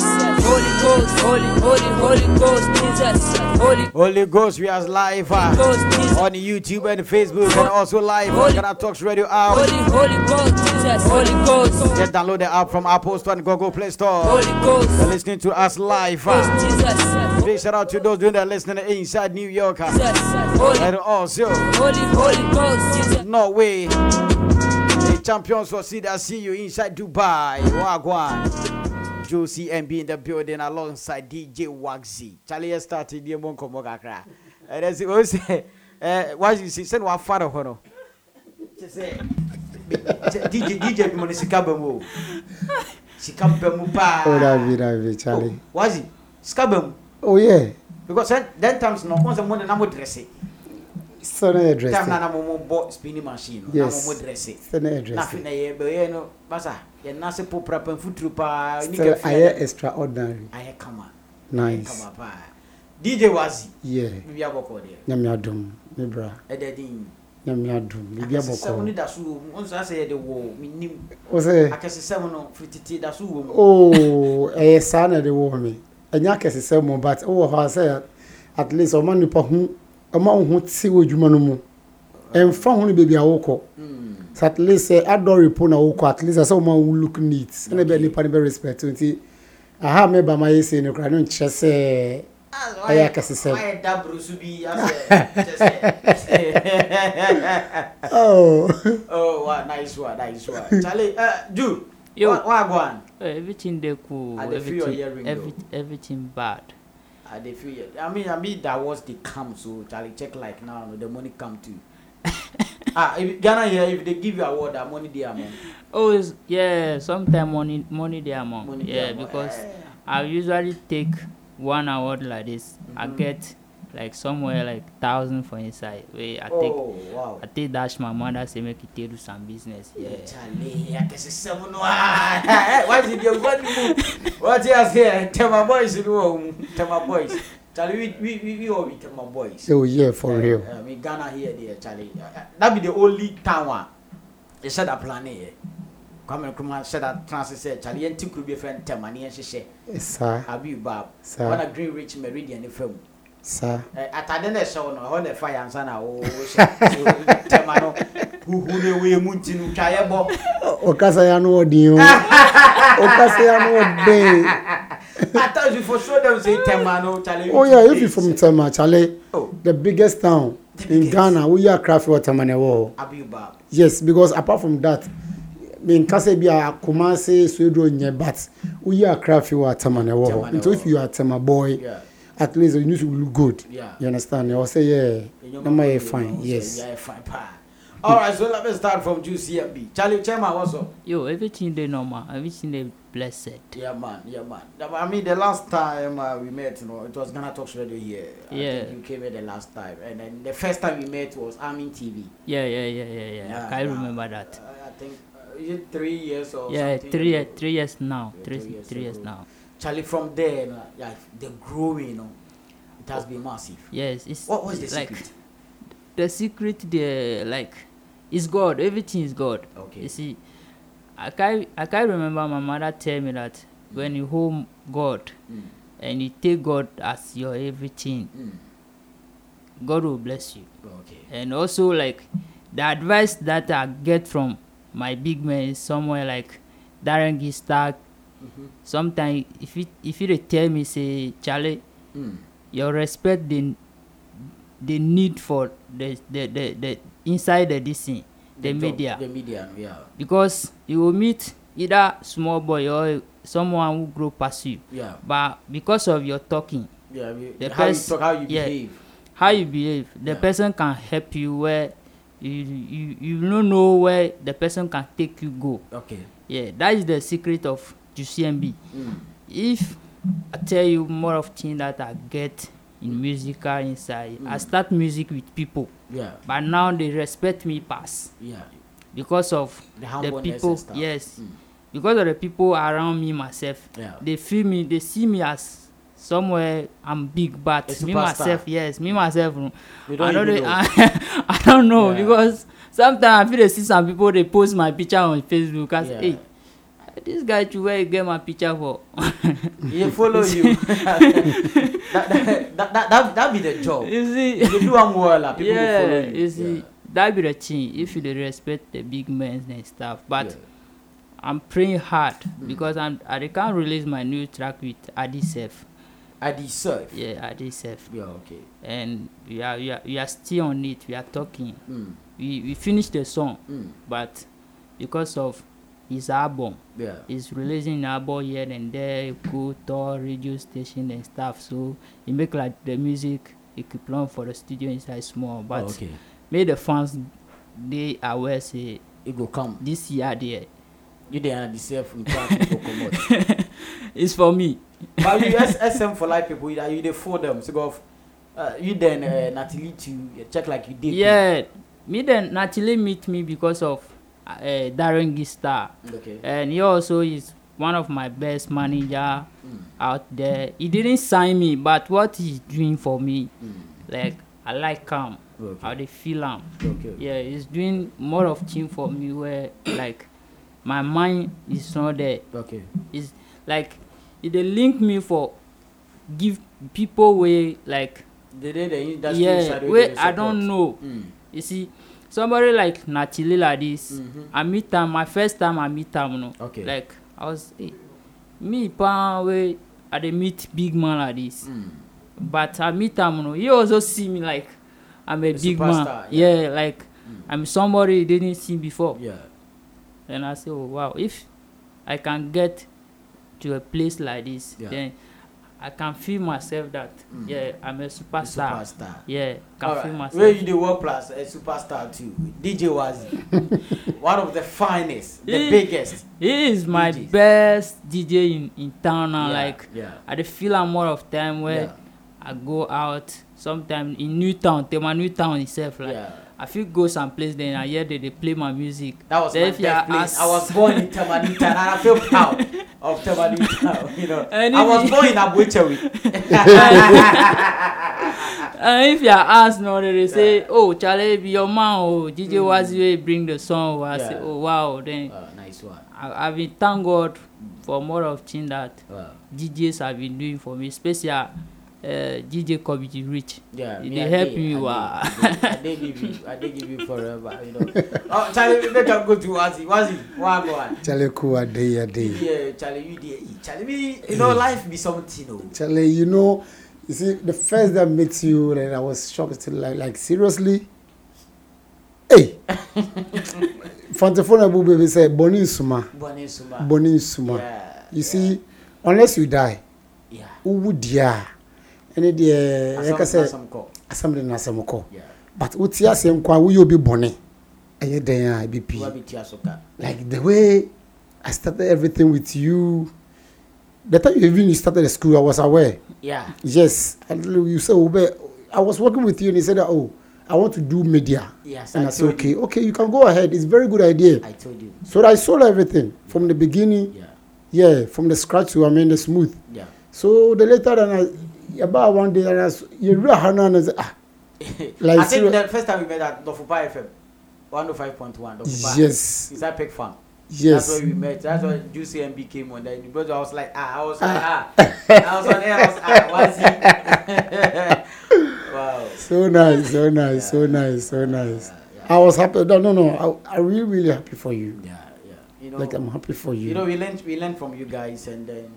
Holy Ghost, Holy, Holy, Holy Ghost, Jesus, Holy, Holy Ghost, we are live on YouTube and Facebook and also live on Canal Talks Radio Hour. Holy, Holy Ghost. Jesus, Holy Ghost. Just download the app from Apple Store and Google Play Store. Holy Ghost. You're listening to us live. Ghost, Jesus. Big shout out to those doing that listening inside New York. Jesus, Holy, and also, Holy, Holy Ghost, Jesus. Norway. The champions will see that see you inside Dubai. Wagwan. Josie MB in the building alongside DJ Waxy. Charlie has started the Monkomo Kakra. And as it was, uh, eh, what you see, send one father. Just say. DJ DJ bi mo ni sika bẹ mu o sika bẹ mu paa. o da bi da bi Charlie. Oh, wazi sika bẹ mu. o oh, yẹ. because then times na ọkùnrin sẹ mo nana mo dẹrẹsẹ. sani yẹ dẹrẹsẹ. time nana mo mo bọ spinning machine. yes na mo mo dẹrẹsẹ. sani yẹ dẹrẹsẹ. n'afin na yẹ bẹ yẹ no basa yẹ nase po parapẹ futuru paa. still a yẹ extraordinary. a yẹ kama. nice a yẹ kama paa. DJ wazi. yẹ bibi abọ kọ de. nyamiya dum ne bra. ẹ dẹ di yin nyame adom biribi abɔkɔo oh, [laughs] ɛyɛ saa na ɛde wɔ me ɛnyɛ akɛsesɛ mu but wowɔ hɔ a sɛ at least ɔma nipa ho ɔma wo ho te wɔ adwuma no mu ɛmfa ho no baabi a wokɔ sɛ hmm. at least sɛ eh, adɔrepo na wokɔ at least sɛ woma wo look neat ɛna bɛ nipa no bɛ respect nti aha meba ma yɛ sei no kora no nkyerɛ sɛ ayɛ kɛse sɛ Yo, what one? Uh, everything they cool. Are everything, hearing, every, everything bad. Are they feel your, I mean, I mean that was the camp. So Charlie check like now the money come too. [laughs] ah, if Ghana here, if they give you award, that money there, man. Oh, yeah. Sometimes money, money there, man. Money yeah, because yeah. I usually take one award like this mm-hmm. i get like somewhere like thousand for inside Wait, i take oh, wow. i take dash my mother say make it take do some business. chale akese sẹmu nù what wá sí di ọgbọ́n ni mu wọ́n ti àṣẹ ẹ̀ tẹ̀mà boys ni wọ́n tell my boys Charlie, we we we we all be my boys. oh yeah for yeah, real. Uh, we ghana here there chale uh, uh, that be the only town one. Ah. they said that plan here kwame nkrumah hyɛ da sɛ kyale yɛnti kuro bi fɛ ntɛm ane yɛnhyehyɛ saa abiy bab wana green rich meridian ne fa mu saa atade na ɛhyɛ wo no ɛhɔ na ɛfa yɛ ansa na wohyɛ ntɛm ano huhu ne wei mu nti no twa yɛbɔ ɔkasa yɛ ano ɔden o ɔkasa yɛ ano ɔden ata for sure dem say tema no chale oh yeah if you from tema chale oh. the biggest town in ghana wo yɛ akra fi wɔ tema na ɛwɔ hɔ yes because apart from that menkasa bi a kumase suedro nyɛ but woyi are afei wɔ atama na ɛwɔ if you are atama boy yeah. at least you need to look good yeah. you understand I say, yeah. nama yɛ fine yes. Yeah, fine, All right, so let me start from GCMB. Charlie Chema, what's up? Yo, everything they normal, everything they blessed. Yeah, man, yeah, man. I mean, the last time uh, we met, you know, it was Ghana Talks Radio here. I yeah. you came here the last time, and then the first time we met was Army TV. Yeah, yeah, yeah, yeah, yeah. yeah I yeah. remember that. Uh, I think is it three years or yeah, something? three year, three years now. Yeah, three, three, years, three years now. Charlie, from there, like, like the growing, you know, it has been massive. Yes, it's what was the like, secret? The secret, the like, is God. Everything is God. Okay. You see, I can't I can't remember my mother tell me that mm. when you home God mm. and you take God as your everything, mm. God will bless you. Okay. And also like the advice that I get from my big men somewhere like Darren Gistak. Mm-hmm. Sometimes if it, if you tell me say Charlie, mm. you respect the the need for the the the, the inside the this thing, the, the media. The media, yeah. Because you will meet either small boy or someone who grow past you. Yeah. But because of your talking, yeah, the how pers- you talk, how you yeah, behave, how you behave, the yeah. person can help you where you, you you no know where the person can take you go. Okay. Yeah, that is the secret of GCMB. Mm. If I tell you more of things that I get in mm. musical inside, mm. I start music with people. Yeah. But now they respect me pass. Yeah. Because of the, the people. Yes. Mm. Because of the people around me myself. Yeah. They feel me. They see me as somewhere i'm big but me myself yes me myself no i no dey I, i don't know yeah. because sometimes i feel dey see some people dey post my picture on facebook i yeah. hey this guy too where he get my picture for. [laughs] he follow you [laughs] that, that, that, that, that, be the job you see you do am well ah, people yeah, go follow you. you see yeah. that be the thing if you dey respect the big men and stuff but. Yeah. I'm praying hard mm. because I'm, I can't release my new track with Adi Sef. Adisef. Yeah, Adisef. Yeah, okay. And we are, we are we are still on it. We are talking. Mm. We we finished the song, mm. but because of his album, yeah, he's releasing album here and there, go tour radio station and stuff. So he make like the music equipment for the studio inside small, oh, but oh, okay. make the fans they aware say it go come this year there. You there deserve. in fact go come out. [laughs] It's for me but you sm for life people you dey fool dem sake of uh, you then uh, natili to check like you did. yeah me then natili meet me because of uh, darren gista okay. and he also is one of my best manager mm. out there he didn't sign me but what he's doing for me mm. like i like him, okay. how they feel him. okay. yeah he's doing more of thing for me where like my mind is not there okay. it's like e dey link me for give people wey like yeah wey i don know mm. you see somebody like natili like this mm-hmm. i meet am my first time i meet am no like i was eh, me pan wey i dey meet big man like this mm. but i meet am no he also see me like i'm a big man yeah like mm. i'm somebody he didn't see before yeah and i say oh wow if i can get to a place like this yeah. then i can feel myself that mm. yeah i'm a superstar, a superstar. yeah can right. feel myself where you dey work plus a superstar too dj wazi [laughs] one of the finest the he, biggest he is my DJs. best dj in in town now yeah, like yeah. i dey feel am all of time where yeah. i go out sometimes in new town tema new town itself like. Yeah. I fit go some place then I hear they dey play my music. That was then my best place. Ask... I was born in Tamanita and I feel [laughs] proud of Tabanita. [laughs] You know, I was born in Abuchewi. [laughs] and if you are asked, no, they say, yeah. "Oh, Charlie, be your man." Oh, DJ mm. Waziri bring the song. Oh, I yeah. say, "Oh, wow." Then uh, nice one. I, I've been thank God for more of thing that wow. DJs have been doing for me, especially ah, uh, eh, DJ Kobiji rich. Yeah, they I help me you. I, they give you. I they give you forever. You know. oh, Charlie, make them go to Wazi. Wazi, one one. Charlie, cool day a day. Yeah, Charlie, you day. Charlie, me, you know, life be something. Oh. Charlie, you know, you see, the first that meets you, and I was shocked. To, like, like seriously. Hey. [laughs] Fantafona Baby say Boni Suma. Boni Suma. Boni Suma. Yeah, you yeah. see, unless you die, yeah. who would yeah ɛne deɛ yɛka sɛ asɛm de no asɛm kɔ but wotie asɛm kɔ a woyɛ obi bɔne ɛyɛ dɛn a ɛbi pii like the way i started everything with you the time you even started the school i was aware yeah. yes you said obɛ oh, i was working with you and you said that oh I want to do media. Yes, and I, I said, okay, you. okay, you can go ahead. It's a very good idea. I told you. So I sold everything yeah. from the beginning. Yeah. Yeah, from the scratch to I mean the smooth. Yeah. So the later than I yɛbaa one day ara so yɛwura ha no ana sɛ ah [laughs] like I think the first time we met at Dofupa FM 105.1 Dofupa yes that Peck Farm Yes. That's where we met. That's where Juicy MB came on. Then because I was like, ah, I was like, ah, ah. I was on air. I was ah, was [laughs] wow. So nice, so nice, yeah. so nice, so nice. Yeah, yeah. I was happy. No, no, no. I, i really, really happy for you. Yeah, yeah. You know, like I'm happy for you. You know, we learned, we learned from you guys, and then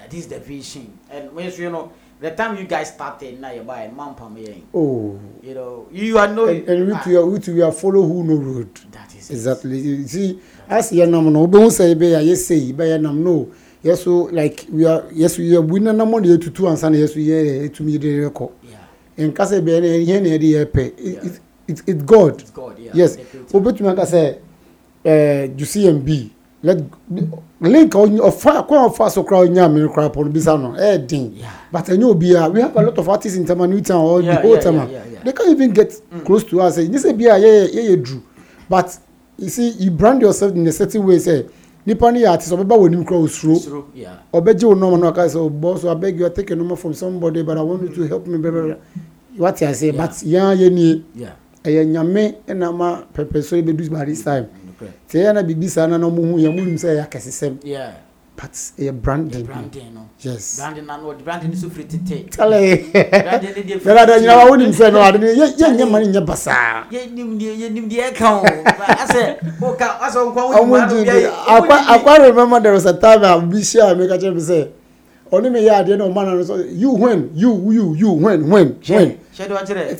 uh, this is the vision. And when you know, the time you guys started now you buy man pam oh you know you are no. and, and we too ah. we are follow who no road. that is exactly it. you see as yẹn nam no obi n sẹ ebe yà yẹ sẹ yìí bẹ yẹn nam no Yes, so like we are yes we are winning. nana mọ na yẹ tutu ansa na yẹ so yẹ yẹ etum yẹ de yẹ kọ. nkasa ebe yẹn yẹn na yẹ it it it god. it's god yeah. yes obetumi akasẹ ẹ jusi yẹn bii link ọfa kó ọfa so kora ọnyá mi kora pọ bi sa ẹ eh, dín but ẹnyẹ obi a we have a lot of artists in tema new town or the whole tema they can't even get mm. close to us ẹ ní sẹ bi a yẹ yẹ yẹ dru but you see you brand yourself in a certain way sẹ nipa ni yà àti sọ ọbẹ bá wọ onim kora osuro ọbẹ jẹ onọọmọ náà ọkà sọ bọ so abeg you are taking number from somebody but i want you to help me bẹbẹ bẹbẹ wati ase but yẹn yẹn ni ẹ yẹ nyame ẹ eh, na ma pẹpẹ so ẹ e bẹ do by this time. Mm sɛ yɛn na bibi saa na na ɔmo hu yɛn mo nim sɛ ɛyɛ akɛsesɛm but ɛyɛ branding branding yes branding na no branding nso firi tete tale branding dada [laughs] nyina wa wonim sɛ no ade ne yɛ yɛ nyɛ ma ne nyɛ basaa yɛ nim deɛ yɛ nim deɛ ɛka o asɛ o ka asɛ nkwa wo nim ado bia akwa akwa remember there was a time a bi share me ka kyerɛ me sɛ ɔne me yɛ adeɛ na ɔma na no so you when you you you when when when hyɛ de wa kyerɛ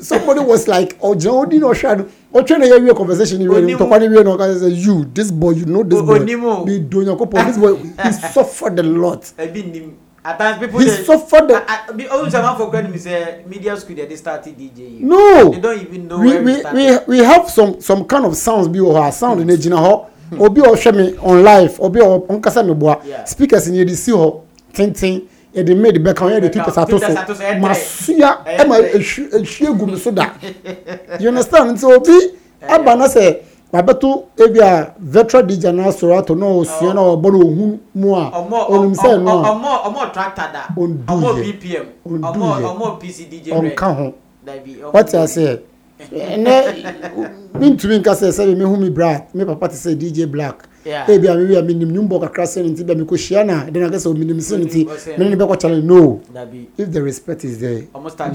somebody was like ɔgyina oh, odi na ɔhwɛ no o tún yẹn wíwé conversation wíwé ni tọkwa ni wíwé na ọkàn ṣe you this boy you know this boy bi doyan ko pọ this boy he [laughs] suffered a lot. ẹbí ni at times people he suffered the. bi olùsọ àwọn afọ kẹ́ni mi sẹ media school dey dey start dj. no they don't even know we, we we we have some some kind of sounds bi wọ hɔ a sound ne gyina hɔ hmm. obi a ɔhwɛ mi on live obi a ɔnkasa mi bua speakers ni yɛ de si hɔ tenten yɛde maid bɛka ho yɛde tita sato so masua ɛma esu egu mi so da you understand nti obi aba na sɛ wabɛto ebi a veteran di gya naa soro ato na osua na ɔbɔ na ohun mu a onum sɛ no a ɔmɔ ɔmɔ tractor da ɔmɔ bpm ɔmɔ ɔmɔ pcdj rɛ ɔnka ho wɔte aseɛ ɛnɛ ntumi nka sɛ sɛbi mi hu mi bra mi papa ti sɛ dj black ebi a mebi a menim nyumbɔ kakra sɛ ne nti da mekɔhyia no a ɛdɛ no sɛ ɔmenim sɛ ne nti mene ne bɛkɔkya no no if the respect is there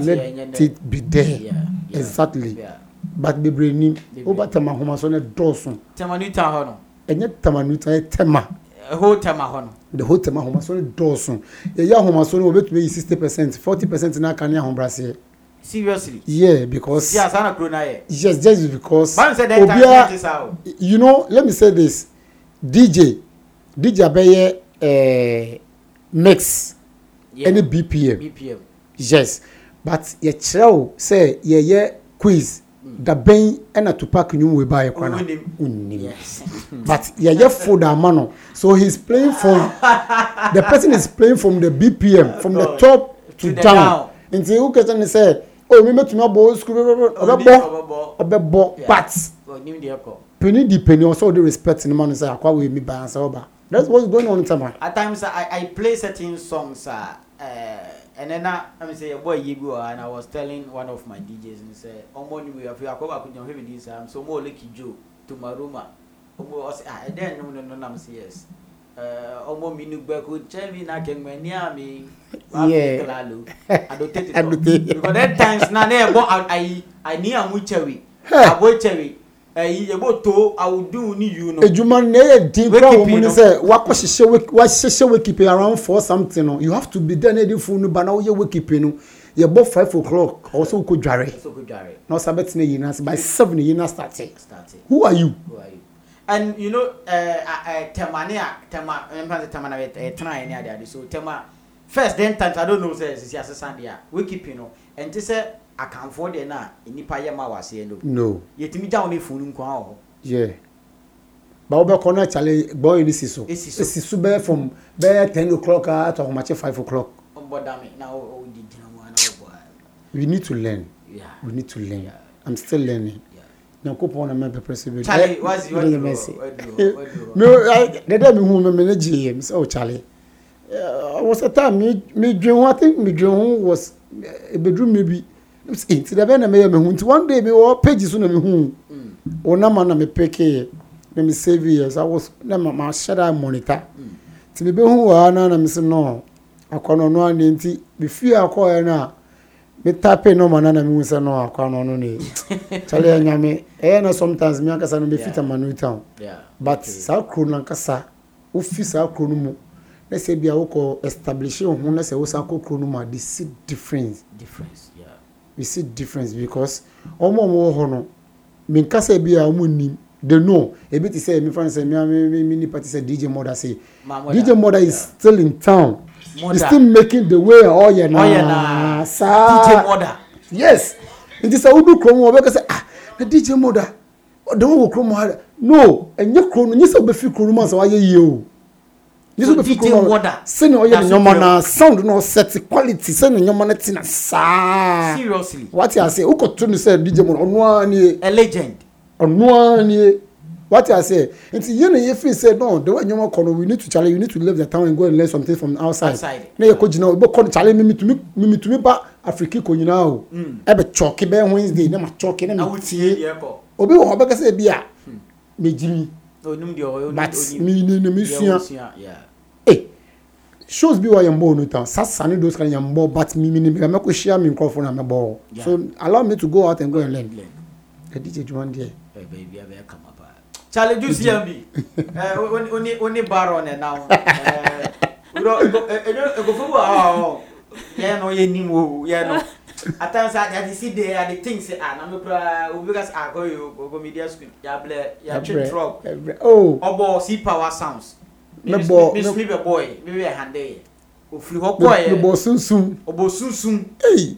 let it be there yeah. Yeah. exactly yeah. but bebree nim woba oh, tama ahoma so ne dɔɔso ɛnyɛ tama nuta ɛ tɛma the whole time ahomaso the whole time ahomaso ne dɔɔso yɛyɛ ahomaso no wɔbɛtumi yi sixty percent forty percent na aka ne ahobraseɛ eh. seriously. yeah because. yeah eh. yes just because. maa you know let me say this dj dj abɛyɛ ɛɛ eh, mix yeah. bpm bpm yes but yɛkyerɛ o sɛ yɛyɛ quiz mm. dabɛn ɛna tupac nwom wei baayɛ kora na onim [laughs] but yɛyɛ fold ama no so he is playing from [laughs] the person is playing from the bpm from the oh, top to, to the down nti wo kɛsɛ ne sɛ o mi mɛtumi abɔ o sukuu bɛbɔ ɔbɛbɔ ɔbɛbɔ but. Yeah penny di penny also dey respect ni man say akwa wey mi ban say oba that's what's going on tama. at times i i play certain songs uh, and then na i mean say your boy yibi wa uh, and i was telling one of my djs um, ah, and say ọmọ ni wey afi akwa baako jẹun fẹmi di sa am so mo ole kijo to my room ọmọ ah ẹ dẹ́n nínú nínú nam say yes ọmọ mi ni gbẹku chemi na kẹgbẹ ní àmì wà á kíkìlá lo adote ti tọ because that times na ẹ bọ ayi àní àwọn ìchẹwì àbọ̀ ìchẹwì ɛyi yɛbɔ to awudun ni yu no. edwuma ne yɛ din kura wɔn mu ni sɛ wakɔhyehyɛ wahyehyɛ wekipe around four something you have to be there n'edi funu no ba na woyɛ wekipe no five o'clock ɔsɔ ko dware na ɔsɔ abɛtena yi na by seven yi na start who are you. and you know tɛma ne a tɛma mpa sɛ tɛma na tena yɛ ne so tɛma first den times i don't know sɛ sisi asesan deɛ a wekipe no ɛnti sɛ. Eh, akanfoɔ deɛ no a yɛ ma wɔ aseɛ no no yɛtumi gya wo no funu nkwa wɔ yɛ ba wobɛkɔ no akyale gbɔn yɛ no si so ɛsi so bɛyɛ ten o'clock a to ahomakye five o'clock ɔbɔdame na ɔdi gyina mu ana ɔbɔ we need to learn yeah. we need to learn yeah. i'm still learning nyankopɔn na ma pɛpɛ sɛ bɛdɛdɛ eh, mehu [laughs] me mene gyeeɛ me sɛ wo oh, kyale eh, was a time medwen ho i think medwen ho was ɛbɛduru me bi nti dɛ bɛn na meyɛ mehu nti one day mi wɔ page so na mehu wɔn nama na me peke yɛ na me save yɛ so awɔ na ma ma ahyɛ da monitor nti hmm. me behu wɔ ha ah, na na me se no akɔnɔ no ani nti me fi akɔ yɛ na me tape nɔma na na mehu sɛ no akɔnɔ no ne kyale yɛ nyame ɛyɛ na sometimes me ankasa no me fi tamanu town but saa kuro no ankasa wofi saa kuro no mu na sɛ bia wokɔ establish wo ho na sɛ wosan kɔ kuro no mu a de si difference. difference we see difference because ọmọ ọmọ wɔ hɔ no mi nkasa ebi a ɔmo nim they know ebi ti sɛ mi fa sɛ mi mi mi nipa ti sɛ dj mother say dj mother is yeah. still in town mother. he still making the way ɔyɛ naa saa dj mother yes nti sɛ wodu kurom wɔ bɛka sɛ ah na dj mother ɔdɛm wɔ kurom ha no ɛnyɛ kurom no nyɛ sɛ wobɛfi kurom a sɛ wayɛ yie o yesu bɛ fi kuro lɔrɔ sani ɔyɛ ne na sound na ɔsɛti quality sani nyɔma na ti na saa wati ase o kɔ tunu sɛ dj mu na ɔnua ni ye ɔnua ni ye wati ase nti yɛn na yɛ fi sɛ no the way nyɔma kɔ no we need to challenge we need to leave the town and go and learn something from outside ne yɛ ko gyina o bɛ kɔ no challenge mimitumi mimitumi ba afiriki ko nyinaa o ɛbɛ chɔki bɛ wednesday ne ma chɔki ne ma tie obi wɔ hɔ bɛka sɛ bi a mɛ jiri but mi ni mi sua shows bi wɔ yɛn bɔ olu tan sasa ni those kind yɛn bɔ but mimini mi mɛ ko share mi nkorɔfo na mɛ bɔ so allow me to go out and go and learn ɛdi jɛ juma deɛ. challenge si yan bi o ni baara ɔnɛ na o egofu wa yɛn no yɛ nim o yɛn no at times i dey see there and the things ah na me kura obi ka ah go yo go media screen. school yabrɛ yatwe truck ɔbɔ see power sounds mebɔ mesumi bɛ bɔ yi mi bɛ hande yi ofiri hɔ kɔ yɛ mebɔ eh. sunsun ɔbɔ sunsun eyi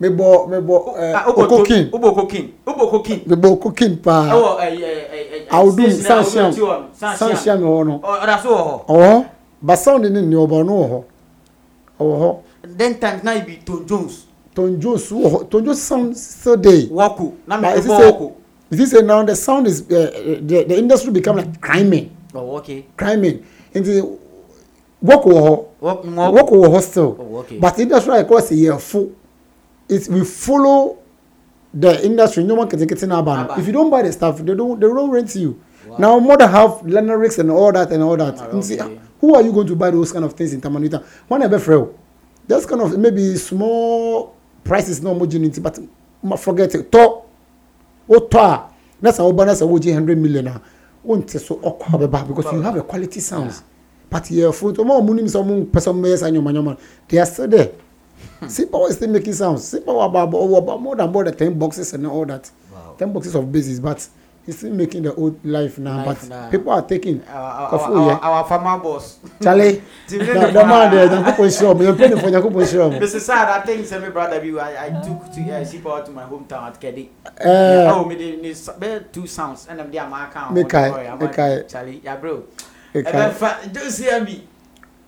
mebɔ mebɔ ɛɛ eh, ah, okokin ɔbɔ okokin ɔbɔ okokin mebɔ okokin paa ɛwɔ eh, ɛɛ oh, ɛɛ awudum sansiam sansiam wɔ no oh, ɔda so wɔ hɔ ɔwɔ basaw de ne ni ɔbɔ no wɔ hɔ ɔwɔ hɔ. den tank na ibi Tom Jones. Tom Jones wɔ hɔ Tom Jones sound still dey. wɔko na mɛ ɛbɔ wɔko. you see say now the sound is uh, the the industry become like criming. ɔwɔ oh, okay. criming nti work wɔ hɔ work wɔ hɔ still oh, but industry ɛkɔ sɛ yɛ fo it we follow the industry nyɔma ketekete na aba no if you don buy the stuff they don they don rent you wow. now more than half lenerics and all that and all that nti okay. who are you going to buy those kind of things in tamanita wọn ɛbɛ fɛ o that's kind of maybe small prices na ɔmo gye ne ti but forget it tɔ o tɔ a na sa o ba na o gye hundred million a wonte so ɔkɔ abɛba because you have a quality sounds yeah. but yɛfo nti ɔma ɔmo nim sɛ ɔmo pɛ sɛ ɔmo yɛ saa they are still there hmm. simple is still making sounds simple wɔ about more than more than ten boxes and all that ten boxes of bases but is still making the old life now life but now. people are taking our, kofu yɛ our, our farmer boss chale dama de nyakubu nsira omo yɛn pɛni fɔ nyakubu nsira mr sad i think say my brother be i i took to uh, ship out to my hometown at kedi. ɛɛ awo mi de ne bɛ two sounds ɛna mi de ama aka wɔn mekae mekae chale yabro ɛbɛ fa jose ami.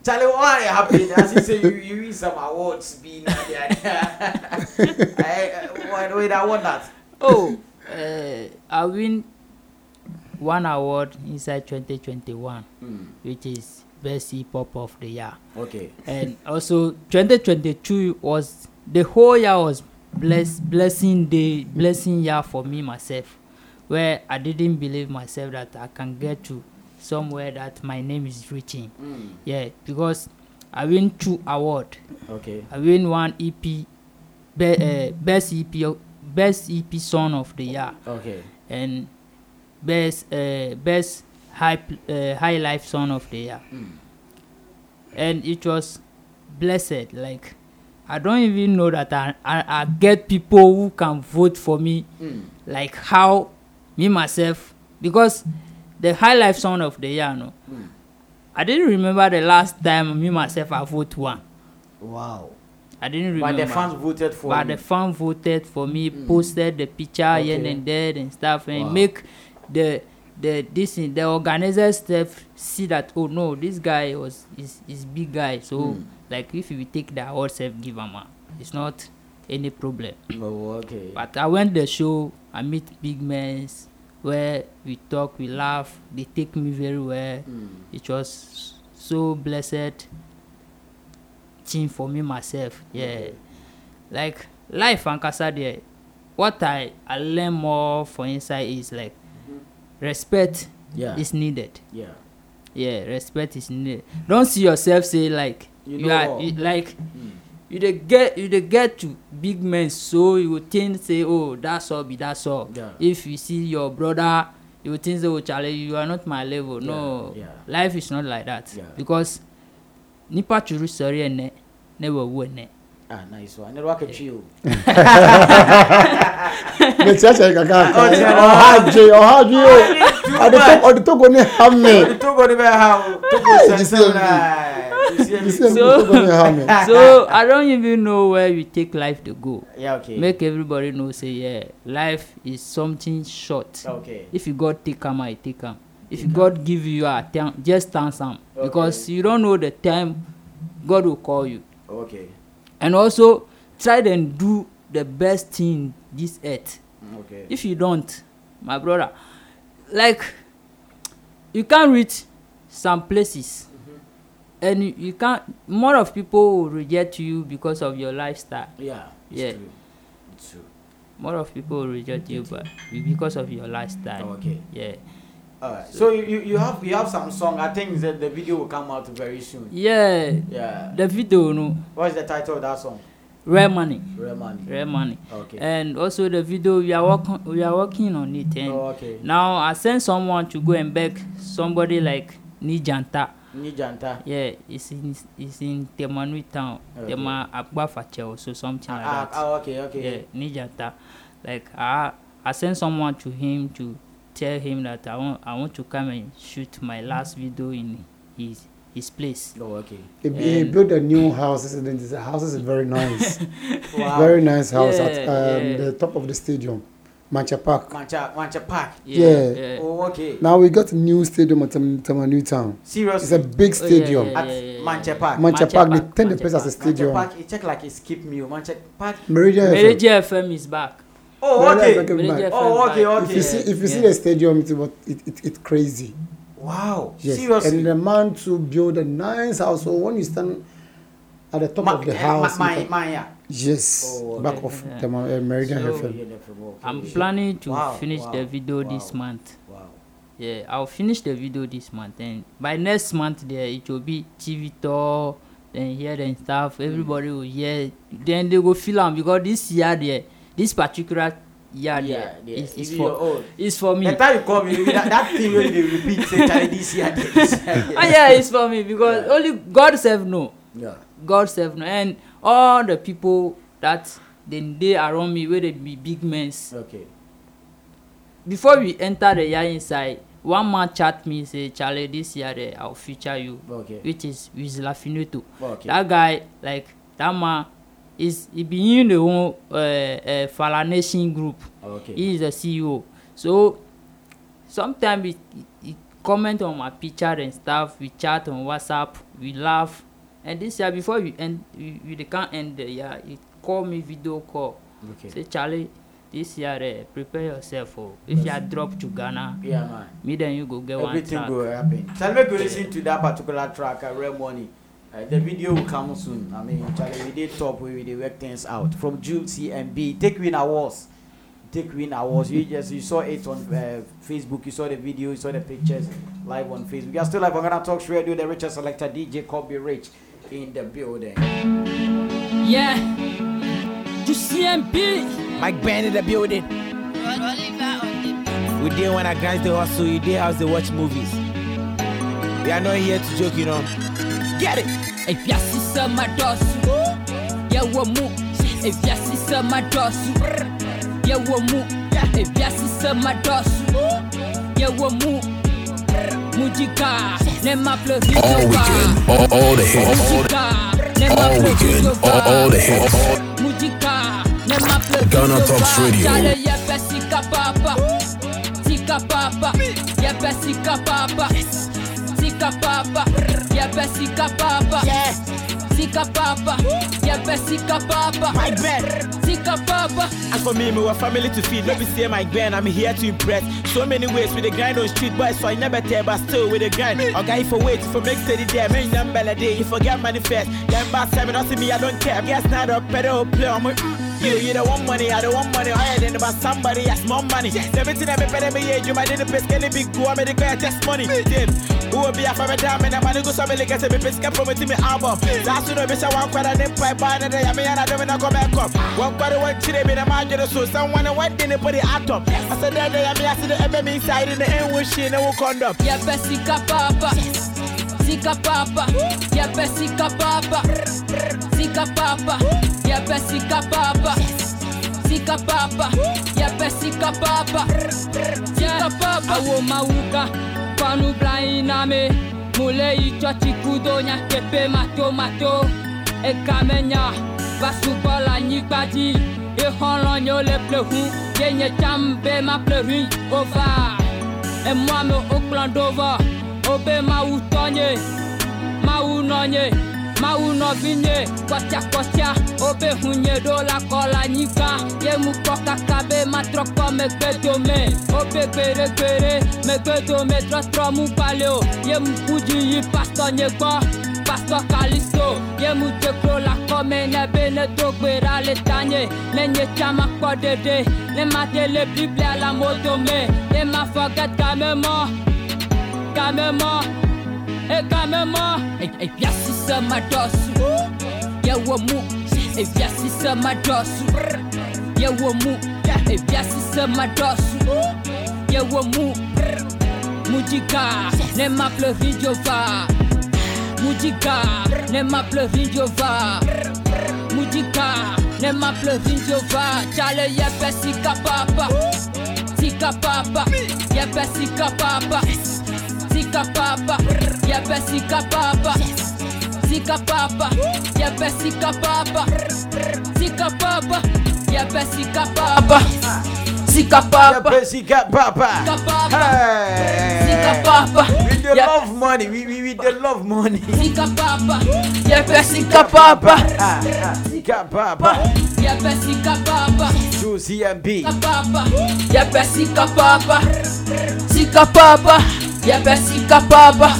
Charlie, why are you happy? [laughs] As see say, you, you win some awards. Being [laughs] I, why do I want that? Oh, uh, I win one award inside 2021, mm. which is best hip hop of the year. Okay. And also 2022 was the whole year was bless blessing the blessing year for me myself, where I didn't believe myself that I can get to somewhere that my name is reaching. Mm. Yeah, because I win two award. Okay. I win one EP, be, uh, best EP, best EP song of the year. Okay. and best uh, best high uh, high life son of the year mm. and it was blessed like i don't even know that i i, I get people who can vote for me mm. like how me myself because the high life son of the year no mm. i didn't remember the last time me myself i vote one wow I didn't remember. But the fans voted for. But you. the fans voted for me, mm. posted the picture okay. here and there and stuff, and wow. make the the this thing, the organizer stuff see that oh no, this guy was is is big guy, so mm. like if we take the award self give him, it's not any problem. Oh, okay. But I went the show, I meet big men where we talk, we laugh, they take me very well. Mm. It was so blessed thing for me myself yeah like life and kasa there what i i learn more for inside is like respect yeah. is needed yeah yeah respect is needed Don't see yourself say like you, know you are you, like mm. you dey get you dey get to big men so you go think say oh that's all be that's all yeah. if you see your brother you go think say oh chale you are not my level yeah. no yeah. life is not like that yeah. because nipa twere sɔre ɛnɛ na wawu ɛnɛ mɛtia sɛ kakaka ɔha dwe ɔha dwe o ɔde togo ne ha me [laughs] so, [laughs] so I don't even know where we take life to go. Yeah, okay. Make everybody know say yeah, life is something short. Okay. If you God take am, I take am. If God give you a just stand some okay. because you don't know the time God will call you. Okay. And also try and do the best thing this earth. Okay. If you don't, my brother, like you can't reach some places mm-hmm. and you, you can't more of people will reject you because of your lifestyle. Yeah. It's yeah. True. It's true. More of people will reject you but because of your lifestyle. Okay. Yeah right. So you, you have you have some song. I think that the video will come out very soon. Yeah. Yeah. The video, no. What's the title of that song? Rare money. Rare money. Rare money. Okay. And also the video we are working we are working on it. And oh, okay. Now I sent someone to go and beg somebody like Nijanta. Nijanta. Yeah, it's in it's in Temanui town. Okay. Tema Agbafache or so something ah, like ah, that. Ah, okay, okay. Yeah, Nijanta. Like I I sent someone to him to tell him that I want I want to come and shoot my last video in his his place. Oh, okay. He, he built a new house. The house is very nice. [laughs] wow. Very nice house yeah, at um, yeah. the top of the stadium. Mancha Park. Mancha, Mancha Park. Yeah. yeah. Oh, okay. Now we got a new stadium at new Town. Seriously? It's a big oh, stadium. Oh, at Mancha Park. Mancha, Mancha Park. Park. They turned the place as a stadium. Mancha Park. It's like a skip meal. Mancha Park. Meridian FM. Meridian FM is back. Oh, oh, okay. Oh, okay, okay. If you see, if you see the stadium, it's it, it, it crazy. Wow. Yes. Seriously. And the man to build a nice house. So when you stand at the top Ma of the eh, house. Ma Ma Maya. Yes, oh, back of yeah. the uh, Meridian so, FM. I'm planning to wow, finish wow, the video wow, this month. Wow. Yeah, I'll finish the video this month, and by next month there it will be TV tour, then here and stuff. Everybody mm. will hear. Then they go feel am because this year there this particular yarn yeah, yeah. it's is for it's for me. the time you come you that, that thing will be repeat say carry this year this year. oh [laughs] yeah it's for me because yeah. only god sef know. Yeah. god sef know and all the people that then they around me wey dey be big men. okay. before we enter the yarn inside one man chat me say Charlie this year I'll feature you okay. which is with Lafineto. Okay. That guy like that man is he begin the own uh, eh, uh, eh, Fala Nation group. Okay. He is the CEO. So sometimes he, he comment on my picture and stuff. We chat on WhatsApp. We laugh. And this year before we end, we, we they can't end the year. He call me video call. Okay. Say Charlie, this year uh, prepare yourself oh. if you are drop to ghana yeah, me then you go get everything one track. go happen tell me go lis ten to that particular track uh, real money Uh, the video will come soon. I mean, Charlie, we did top, we, we did work things out. From Jude CMB, take win awards. Take win awards. You just you saw it on uh, Facebook, you saw the video, you saw the pictures live on Facebook. You are still live on Ghana Talks Radio, the richest selector, DJ Kobe Rich in the building. Yeah. Jude CMB. Mike Band in the building. We did when I grind the hustle, you did house to watch movies. We are not here to joke, you know. Get it! efiase sɛ madɔso yɛwɔ mu efiase sɛ madɔso yɛwɔ mu efiase sɛ madɔso yɛwɔ mu mujika ne ma all weekend all, all the hits mujika, all weekend all, all the hits mujika ne ma Ghana Talks Radio yɛpɛ sika papa sika papa yɛpɛ papa sika papa Yebe sika papa. Yeah. Sika papa. Yebe sika papa. My bed. Sika papa. And for me, we my family to feed. Let me say my grand. I'm here to impress. So many ways with the grind on street boys. So I never tell, but still with the grind. I got if I wait, if I make steady there, man, number a day. If I get manifest, then by seven, I see me, I don't care. Guess not a better play on my. Mm. You, you don't want money, I don't want money. I ain't about somebody, that's more money. Everything I better me, yeah, you might need to pay skinny big go America, I test money. who will be a family time and I'm gonna go somewhere like I said, be scared from it in my album. Last you know, bitch, I want quite a nip by by the day. I mean, I don't know, come back up. One quarter, one chile, be the margin or so. Someone went in and put it out of. I said, that day, I mean, I see the enemy inside in the end, we'll condom. Yeah, Bessie, you got, Yes. Sika papa, si sika papa, sika papa, si sika papa, sika papa, yape sika papa, sika papa. Awo mauka, panu blainame, mule icho ya, nyakepe mato mato, ekamenya, pa la eholonyo le yenye chambe ma ova, emwame oklandova. obe mau maunonye maunobinye kɔtiakɔtia obe hunye ɖo la kɔla nyigba ye mukpɔ kaka be matrɔkɔ megbedome obe gbeɖegbeɖe megbedome trɔtrɔ mugbale o ye mukudzi yi pastɔnye gbɔ pastor Kalisto Ye mu te kro la kome ne be ne dogbe le tanye Ne nye chama kwa dede Ne ma le biblia la modome Ne ma forget me mo Et et ekamema ekamema evyasisa madosu yewo mu evyasisa madosu Moudika, mu evyasisa m'a yewo mu mujika nema pleuri jova mujika nema va jova mujika nema si jova chale yepe sikapapa sikapapa yepe papa yes. Zika papa ya yabe Zika papa Zika papa ya yabe Zika papa Zika papa ya yabe Zika papa Zika papa ya yabe Zika papa Zika papa we the love money we we we the love money Zika papa ya yabe Zika papa Zika papa ya yabe Zika papa Juicy and B sika papa yabe sika papa Zika papa Yebe sika papa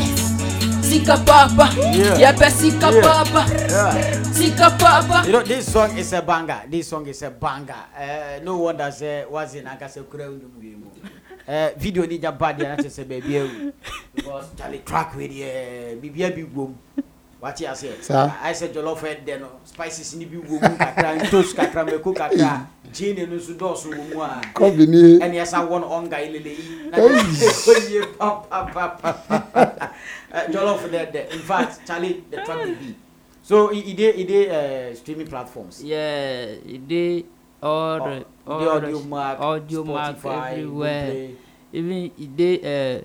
Sika papa yeah. Yebe sika yeah. papa yeah. Sika You know this song is a banger This song is a banger uh, No wonder say Wazi nanka se kure unu mwimu uh, eh, Video ni jabadi anache se bebewu Because Charlie track with ye eh, Bibia bigwom wati ase ayi sɛ jɔlɔf spices ni bi wo mu kakra ntos kakra mɛko kakra eh. gin no nso dɔɔso wo mu a kɔbi ni ɛni ɛsan wɔn ɔnga yi lele yi na ɛkɔ yie papapapa jɔlɔf dɛ dɛ in fact charlie the track dey be so e dey e dey uh, streaming platforms. yeah e dey all the oh, all the audio mark audio mark everywhere even e dey uh,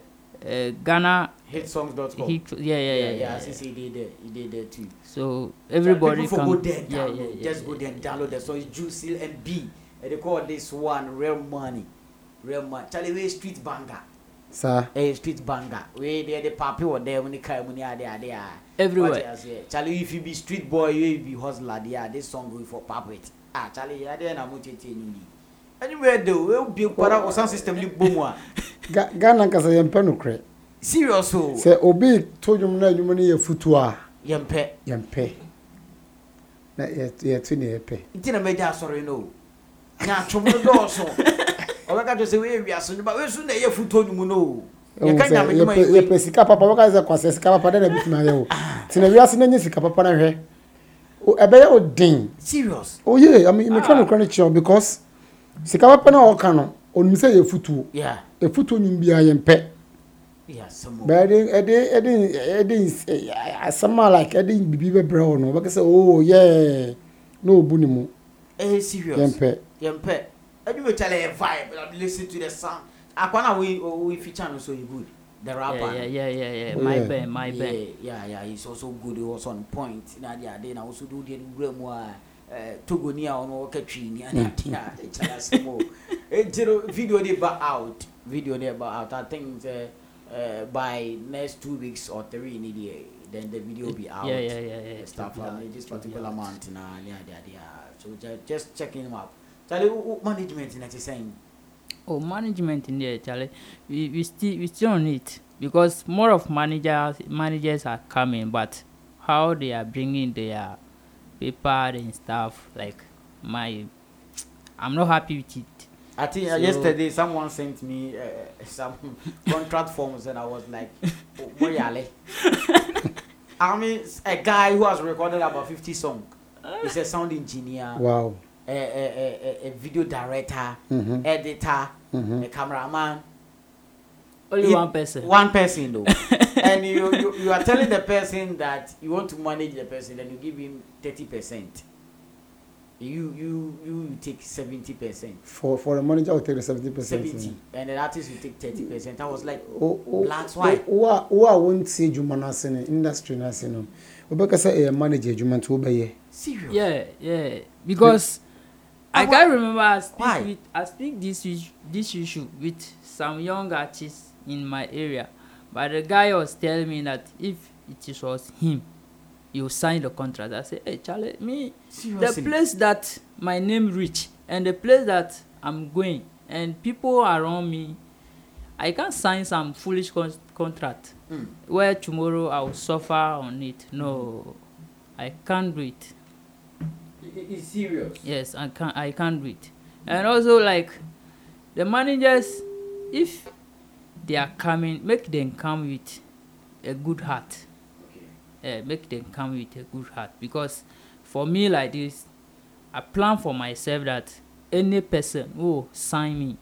uh, ghana. Hit hitsongs.com. He, yeah, yeah, yeah, yeah. yeah, yeah, yeah. He did that. He did that too. So everybody so people go there, yeah, yeah, yeah, just go there and download that. So it's Juicy and B. And they call this one real money, real money. Charlie we Street Banger. Sir. Hey, eh, street banger. We there the papi were there when come when money are there there. Everywhere. Charlie, if you be street boy, you be hustler. Yeah, this song going for puppet. Ah, Charlie, yeah, there na mo tete ni. Anywhere though, we be kwara sound system ni bomu a. Ghana kasa yempɛ no kre serious o. sɛ obi to dwom na dwom no yɛ futu a. yɛn pɛ. yɛn pɛ na yɛtu ne yɛ pɛ. nti na mɛgye asɔre yi no na atwom no dɔɔso [laughs] ɔbɛka kyerɛ sɛ wɔyɛ wiase nyuma wɔyɛ so na ɛyɛ futu dwom no o. yɛka nyame nyuma yi wei. yɛpɛ sika papa wɔka sɛ kwasɛ sika papa dɛ na ebi tuma yɛ o ah. tena wiase na nye sika papa na hwɛ ɛbɛyɛ o den. serious. oye mɛka no kura no kyerɛ o ah. because sika papa na ɔka no onim sɛ yɛ futuo. yɛ futuo nyum biara yɛn pɛ bɛɛde eh, asɛm a like ɛde biribi bɛbrɛ hɔ no wobɛka sɛ o oh, yɛ na ɔbu ne mu yɛmpɛ yɛmpɛ adwuma kyale yɛ vibe listen to the sound akwana we we feature no so you good the rapper yeah yeah yeah yeah, yeah. Oh, my yeah. band my band yeah, yeah yeah he's also good he was on point na dia dey na also do the wura uh, mu uh, a togoni a ɔno ɔka twi ni ana ti a ɛkyɛ asɛm o ɛnti video de ba out video de ba out i think uh, uh, by next two weeks or three in the day, then the video will be out. Yeah, yeah, yeah, yeah. Stuff like this particular month now, yeah, yeah, yeah. So just, just checking them up. Charlie, what management is that is saying? Oh, management in there, Charlie. We, we still we still on it because more of managers managers are coming, but how they are bringing their paper and stuff like my I'm not happy with it. I think uh, so, yesterday someone sent me uh, uh some [laughs] contract forms and I was like, oh, Boyale. [laughs] I mean, a guy who has recorded about 50 songs. He's a sound engineer. Wow. A, a, a, a video director, mm-hmm. editor, mm-hmm. a cameraman. Only it, one person. One person, though. [laughs] and you, you, you are telling the person that you want to manage the person, and you give him 30% you you you take seventy percent. for for a manager will take the seventy percent. seventy and the artist will take thirty percent. I was like. o oh, o oh, blacks why. wo a wo a wo n ti juma na se ne industry na se no o bɛ kasa ɛyɛ manager juma nti o bɛ yɛ. serious. yeah yeah because. I can't remember I speak why? with I speak this this issue with some young artists in my area, but the guy was telling me that if it was him, you sign the contract. I say, hey, Charlie, me, Seriously? the place that my name reach and the place that I'm going and people around me, I can't sign some foolish con- contract mm. where tomorrow I will suffer on it. No, I can't do it. It's serious. Yes, I can't. I can't do it. And also, like the managers, if they are coming, make them come with a good heart. uh, make them come with a good heart because for me like this i plan for myself that any person who sign me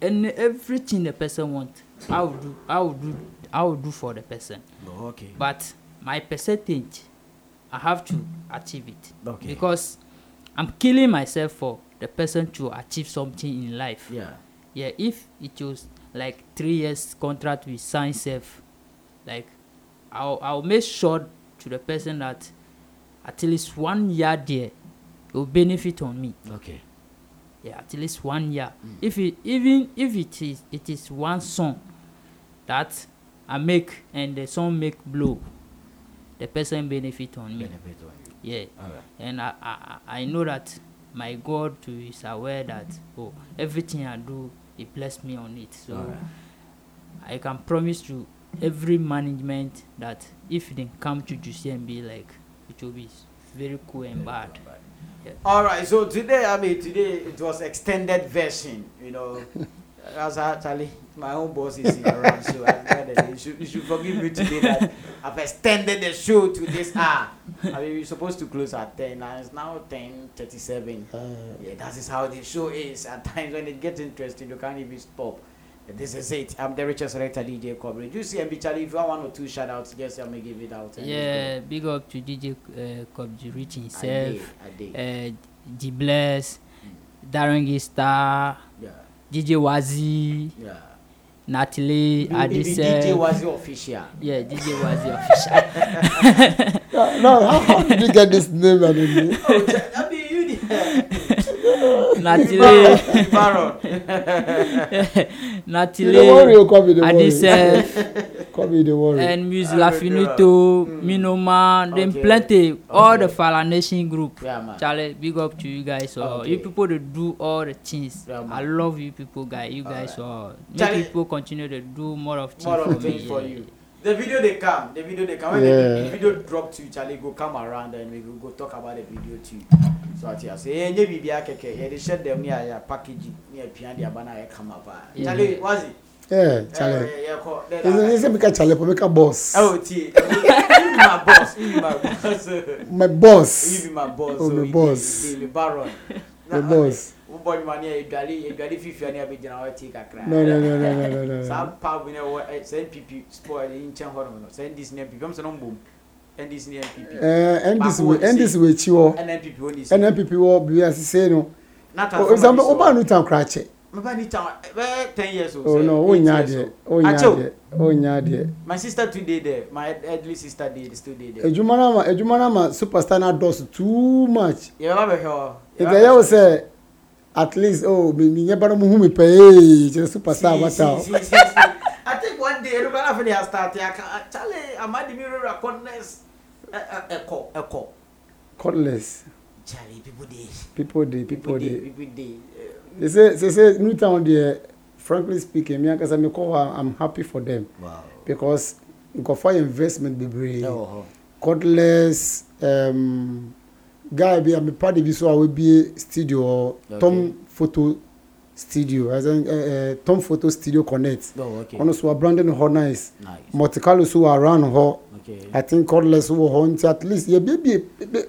any everything the person want i will do i will do i will do for the person oh, okay but my percentage i have to achieve it okay because i'm killing myself for the person to achieve something in life yeah yeah if it was like three years contract with sign safe like I'll, I'll make sure to the person that at least one year there will benefit on me. Okay. Yeah, at least one year. Mm. If it, even if it is it is one song that I make and the song make blow, the person benefit on me. Benefit on you. Yeah. Right. And I, I I know that my God too is aware that oh everything I do he bless me on it. So right. I can promise to every management that if they come to Juicy and be like, it will be very cool and bad. Yeah. All right, so today, I mean, today it was extended version, you know. That's [laughs] actually my own boss is around, so I, you, should, you should forgive me today that I've extended the show to this hour. I mean, we are supposed to close at 10, and it's now 10.37. Uh, yeah, that is how the show is. At times when it gets interesting, you can't even stop. This is it. I'm the richest selector DJ Do You see, MB Charlie, if you want one or two shout outs, just I'm gonna give it out. Yeah, big up to DJ uh, Rich himself, uh, D Bless, mm. Darangi Star, yeah. DJ Wazi, yeah. Natalie, Adise. DJ Wazi official. Yeah, DJ Wazi [laughs] official. no, [laughs] no, how, how did you get this name? I mean, [laughs] Natile Natile Adisef and Muse Lafinito mm. Minoma dem plenty all the Fala Nation group Charlie big up to you guys so oh. you people dey do all the things I love you people guy you guys so oh. make people continue to do more of things for me the video dey come the video dey come when yeah. the, the video drop to you Charlie go come around and we go go talk about the video too so ati ase yɛ nye biribi akɛkɛ yɛ de hyɛ dɛm ne ayɛ package ne apia de abana. na ayɛ kama paa Charlie wazi. Yeah, eh, Charlie. Yeah, yeah, yeah. Is it because Charlie? Because boss. [laughs] Oh, T. Eh, you be my boss. You be my boss. My boss. You be my boss. Oh, so my boss. The baron. The boss bobɔ nnwuma ne yɛdwale yɛdwale fifia ne yɛbɛgyina hɔ te kakra saa pab ne ɛwɔ saa npp sport nkyɛn hɔ nom no saa ndc npp ɔmsɛ no mbom ndc ne npp ndc wɔ akyi hɔ ɛna npp wɔ biribi ase sei no ɔsɛ wobaa no tan kora kyɛ meba ni town bɛɛ eh, eh, ten years o. o oh, no o nya o nya adiɛ o nya adiɛ. my sister too dey there my elderly sister dey still dey there. edwuma na ma edwuma ma superstar na dɔs too much. yɛrɛ bɛ hɛ o. ìtẹ̀yẹ́ o at least oh mi ni yẹn bá dọ́ mo hu mi pẹ̀ ee eh, kyerɛ super star wata o. I think one day ẹnu bala fẹni asitati aka chale amadimi rira cordless ẹkọ ẹkọ. cordless. Charlie, people dey. people dey people dey. people dey. sese um. sese new town deɛ frankly speaking mi ankasa mi kɔ hɔ i'm happy for them. Wow. because nkɔfɔ investment bebree. Oh, oh. cordless. Um, guy bi amepa de bi so a wabie studio hɔ tom photo studio as in uh, tom photo studio connect oh, okay. ɔno so abrande no hɔ nice, nice. montekalo so wɔ around hɔ okay. i think cordless wɔ hɔ nti at least yɛ biebie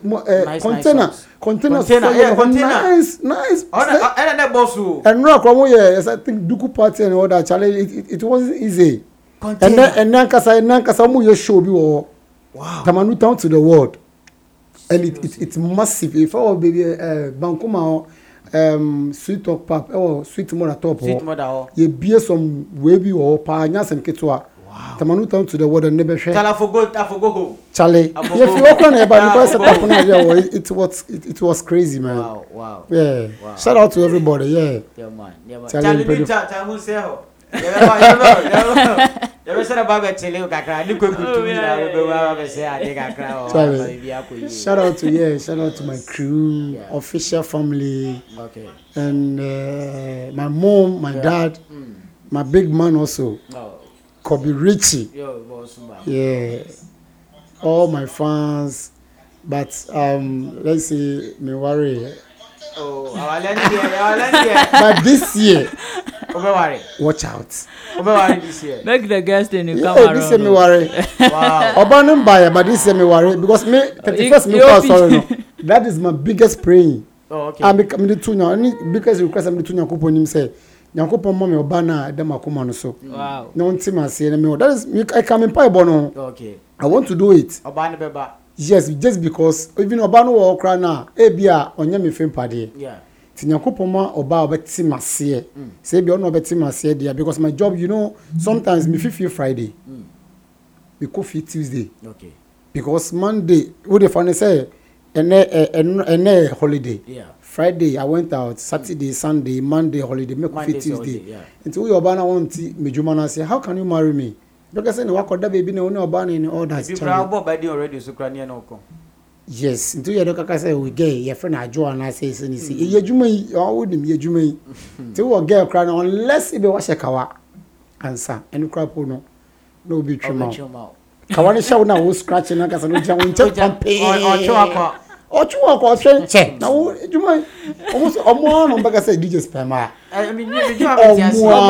ɛɛ container container so yɛ hɔ nice nice ɔna ɛna ne bɔ so. ɛnura kura mo yɛ yes i think duku party and all that chale it it, wasnt easy. container ɛnɛ ɛnɛ ankasa ɛnɛ ankasa ɔmo yɛ show bi wɔ wow tamanu town to the world and it, it it's massive ìfẹ́ wọ bèbí ẹ eh, Bankoma ọ um, sweet talk pap ɛwɔ eh, sweet mother top hɔ oh. yɛbie some wei bi wɔ hɔ paa nyasɛm ketewa tamanu town to the and never share. water ne bɛhwɛ chale yɛfi hɔ kora na yɛba nipa sɛ tapo no adeɛ wɔ it was it, it was crazy man wow, wow, yeah wow. shout out to everybody yeah, yeah man, yeah man. chale mpɛdi yɛbɛsɛrɛ ba bɛ tele kakra ne kokutu bɛbɛsɛ ade kakra shout out to yeah shout out to my crew yeah. official family okay. and uh, my mom my yeah. dad mm. my big man also oh. kobe richie yeah all my fans but um, let's see me worry oh, but this year [laughs] ọbẹ wari. watch out. ọbẹ wari this year. make the girls dey new camera. yeah oh. [laughs] this year mi wari. ọba ni n ba yẹ ma this year mi wari because me oh, thirty first mi kọ sọrọ no [laughs] that is my biggest praying. Oh, okay. ami mi de tu yan ni biggest request mi de tu yan ko po ni mi sẹ nyankopɔn mɔ mi ɔba no a ɛda m akoma no so na wonte m aseɛ no mewɔ that is ɛka me mpaebɔ no i want to do it yes just because even ɔba no wɔ hɔ koraa no a ebi a ɔnyɛ me fe mpadeɛ ti nyankopɔn ma ɔbaa ɔbɛte ma seɛ mm. sɛ ebi ɔno ɔbɛte ma seɛ deɛ because my job you know mm. sometimes mi fifi friday mi kɔ fi tuesday okay. because monday wo de fa ne sɛ ɛnɛ ɛnɛ ɛnɛ holiday yeah. friday i went out saturday mm. sunday monday holiday mi kɔ fi tuesday nti wo yɛ ɔbaa na wɔn ti mi dwuma na se how can you marry me dɔkɛ sɛ ne wakɔ da beebi na o ne ɔbaa ne ne all that. ibi kura abɔ ɔbaa di already so kura ne yɛn na ɔkɔ yes nti yɛ dɛ kaka sɛ we gay yɛfrɛ no adwo anaasɛ ɛsɛ no si ɛyɛ adwuma yi ɔwo nim yɛ adwuma yi nti wɔ gay kora no unless ebɛ wahyɛ kawa ansa ɛno kora po no na obi twe ma wo kawa no hyɛ wo no a wo scratch no akasa no gyina wo nkyɛ pampee ɔtwe wɔ kɔ ɔhwɛ nkyɛ na wo adwuma ɔmo sɛ ɔmo ara no bɛka sɛ dj spam a ɔmo a dj spam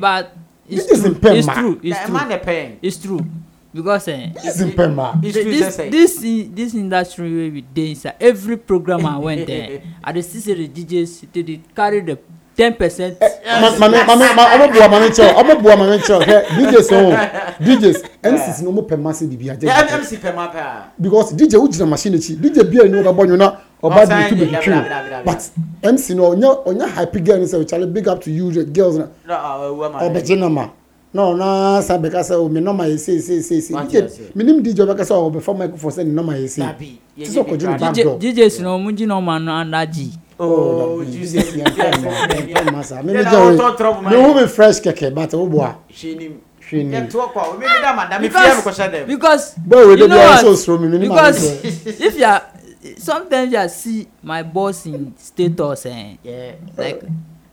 ma it's true it's true because eh, uh, this, this, this, this industry wey we dey inside every program i went there uh, i dey see say the djs dey dey carry the ten percent. mami mami ọmọ buwa mami chọ ọmọ buwa mami chọ ẹ djs ọhún djs mcs ni ọmọ pẹ̀mà sí bìbí ajẹ́ mc pẹ̀mà pẹ̀. because dj o jìnnà machine ekyi dj bíyà ni o ka bọ̀ nyọ na ọba di tu bèbí twiri but mc na ọ̀nyá ọ̀nyá hype girl ni sẹ́ ọ̀chálẹ̀ big up to you girls na ọ̀bẹ̀jẹ̀ nà ma na ɔna sa bɛka sɛ o mi nɔma yɛ se se se se dj minim dj bɛka sɛ ɔbɛ fɔ mɛko fɔ sɛ ni nɔma yɛ se ti sɛ ɔkɔdzi ni back door dj sinɔ mu dzi nɔma nɔ anda dzi. ooo jesus yɛn fɛn ma yɛn fɛn ma sa mi mi jɛ o mi hu mi fresh kɛkɛ bata o bua. because because you know what because [laughs] if you are sometimes you are see my boss in status eh yeah. like.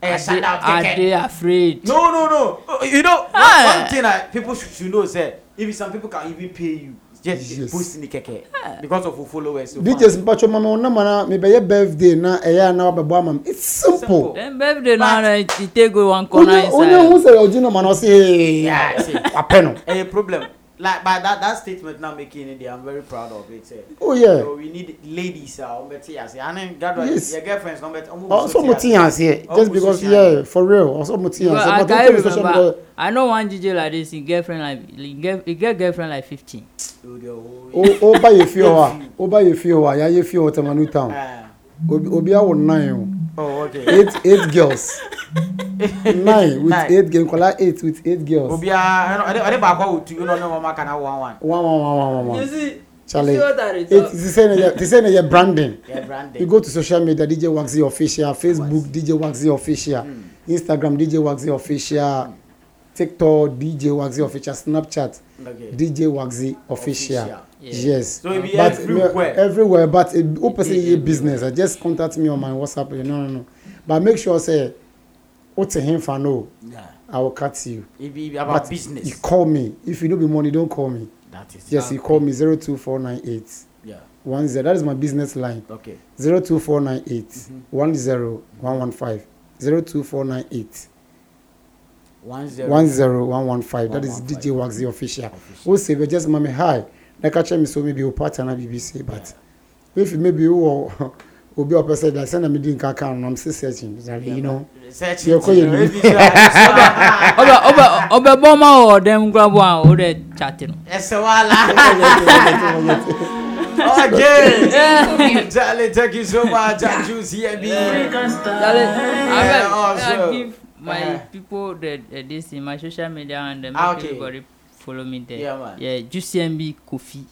Eh, Ade, Ade, Ade afraid. No, no, no. Oh, you know, ah. one, one thing that people should, should know is that if some people can even pay you, just yes. boost the keke ah. because of followers. So DJs mpacho mama me be birthday na eya eh, na abebo amam. It's simple. Then eh, birthday na na it take go one corner inside. Onye who say ojina mana say yeah, apeno. Eh problem like by that that statement now making it, I'm very proud of it. Eh. Oh yeah. So we need ladies uh better yes. And then your girlfriends no better. Also mutians here. Just because yeah, for real. Also mutians. Well, I can remember. I know one DJ like this, he girlfriend like he get, he get girlfriend like 15. Oh, oh, by a few hour. Oh, by a few hour. Yeah, you feel what I'm new town. Ah obi awo nine o. Oh, eight eight girls [laughs] nine with nine. eight girls nkola eight with eight girls. obi a ọdẹ baako awo tu ọdọ ọmọ aka na one one. one one one one one one. Charlie, it, this is your branding. Yeah, branding. You go to social media, DJ Waxy Official, Facebook, DJ Waxy Official, mm. Instagram, DJ Waxy Official, mm. TikTok, DJ Waxy Official, Snapchat, dj waxy official, yes but everywhere but who person ye business i just contact me on my whatsapp you know no no but make sure say o ti hin fan o i will cut you it be about but business you call me if you no be money don call me that is yes you call me zero two four nine eight one zero that is my business line okay zero two four nine eight mm-hmm. one zero one one five zero two four nine eight. 10115 that is dj wax the official who oh, say be just mami hi na ka check me so maybe wo party na BBC, but if maybe wo wɔ obi a ɔpɛ sɛ da sɛ na medi nka ka no nam se searching you know yɛkɔ yɛ nim ɔbɛbɔ ma wɔ dɛm nkorabo a wodɛ chate no ɛsɛ wala Again, [laughs] oh, [laughs] yeah. Dale, thank you so much. I'm Juice here, me. Yeah, awesome. Oh, my uh people that they see my social media and uh, make ah, okay. everybody follow me there. Yeah, man. Yeah, JuCMB Kofi.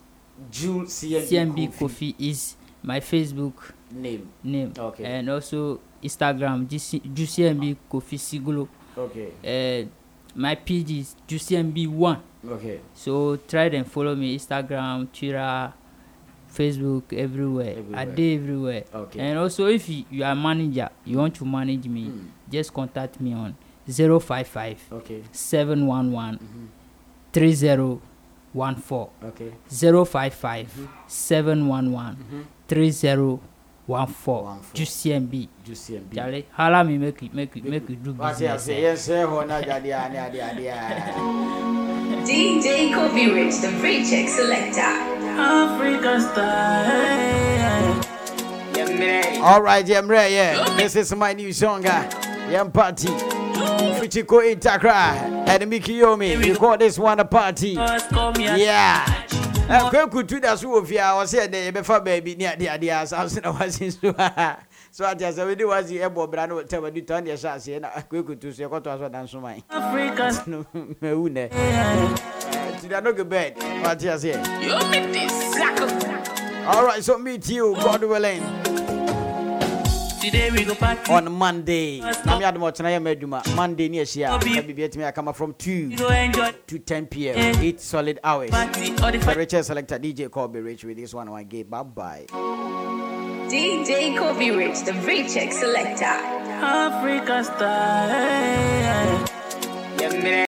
Ju CMB, Kofi. is my Facebook name. Name. Okay. And also Instagram JuCMB Kofi Siglo. Okay. Uh, my page is JuCMB One. Okay. So try and follow me Instagram, Twitter. Facebook everywhere. everywhere. I day everywhere. Okay. And also, if you, you are manager, you want to manage me, mm. just contact me on zero five 055 okay. Mm-hmm. three zero one four. Okay. Zero five five mm-hmm. seven one one mm-hmm. three zero. one four, one four. GCMB. CMB. Jale, hala mi make it, make it, make it do business. Eh? Yes, yes, yes, hona jadi ani adi adi. DJ Coffee Rich, the free check selector. Africa style. All right, Yemre, yeah. This is my new song, uh, ah. Yem Party. Fichiko Itakra and Mikiyomi. You call this one a party. Yeah. Eh, kwakutu da so wɔ fie a ɔsɛ dɛ yɛbɛfa baabi ne adeadeɛ a saa na wase [laughs] so so ate asɛ wode wase ɛbɔ bra no tam adi tɔn deɛ hyɛ aseɛ na kwakutu so yɛkɔtoa so da nsoman [laughs] mawu nɛ tida no gebed wate aseɛ All right, so meet you, God willing. On Monday. Nami adumo chana ya meduma. Monday ni eshia. Bibi etimi akama from 2 to 10 p.m. Eh. Eight solid hours. The selector DJ Kobe Rich with this one. One gay. Bye bye. DJ Kobe Rich, the Rich selector. Africa eh, eh, Yeah, man.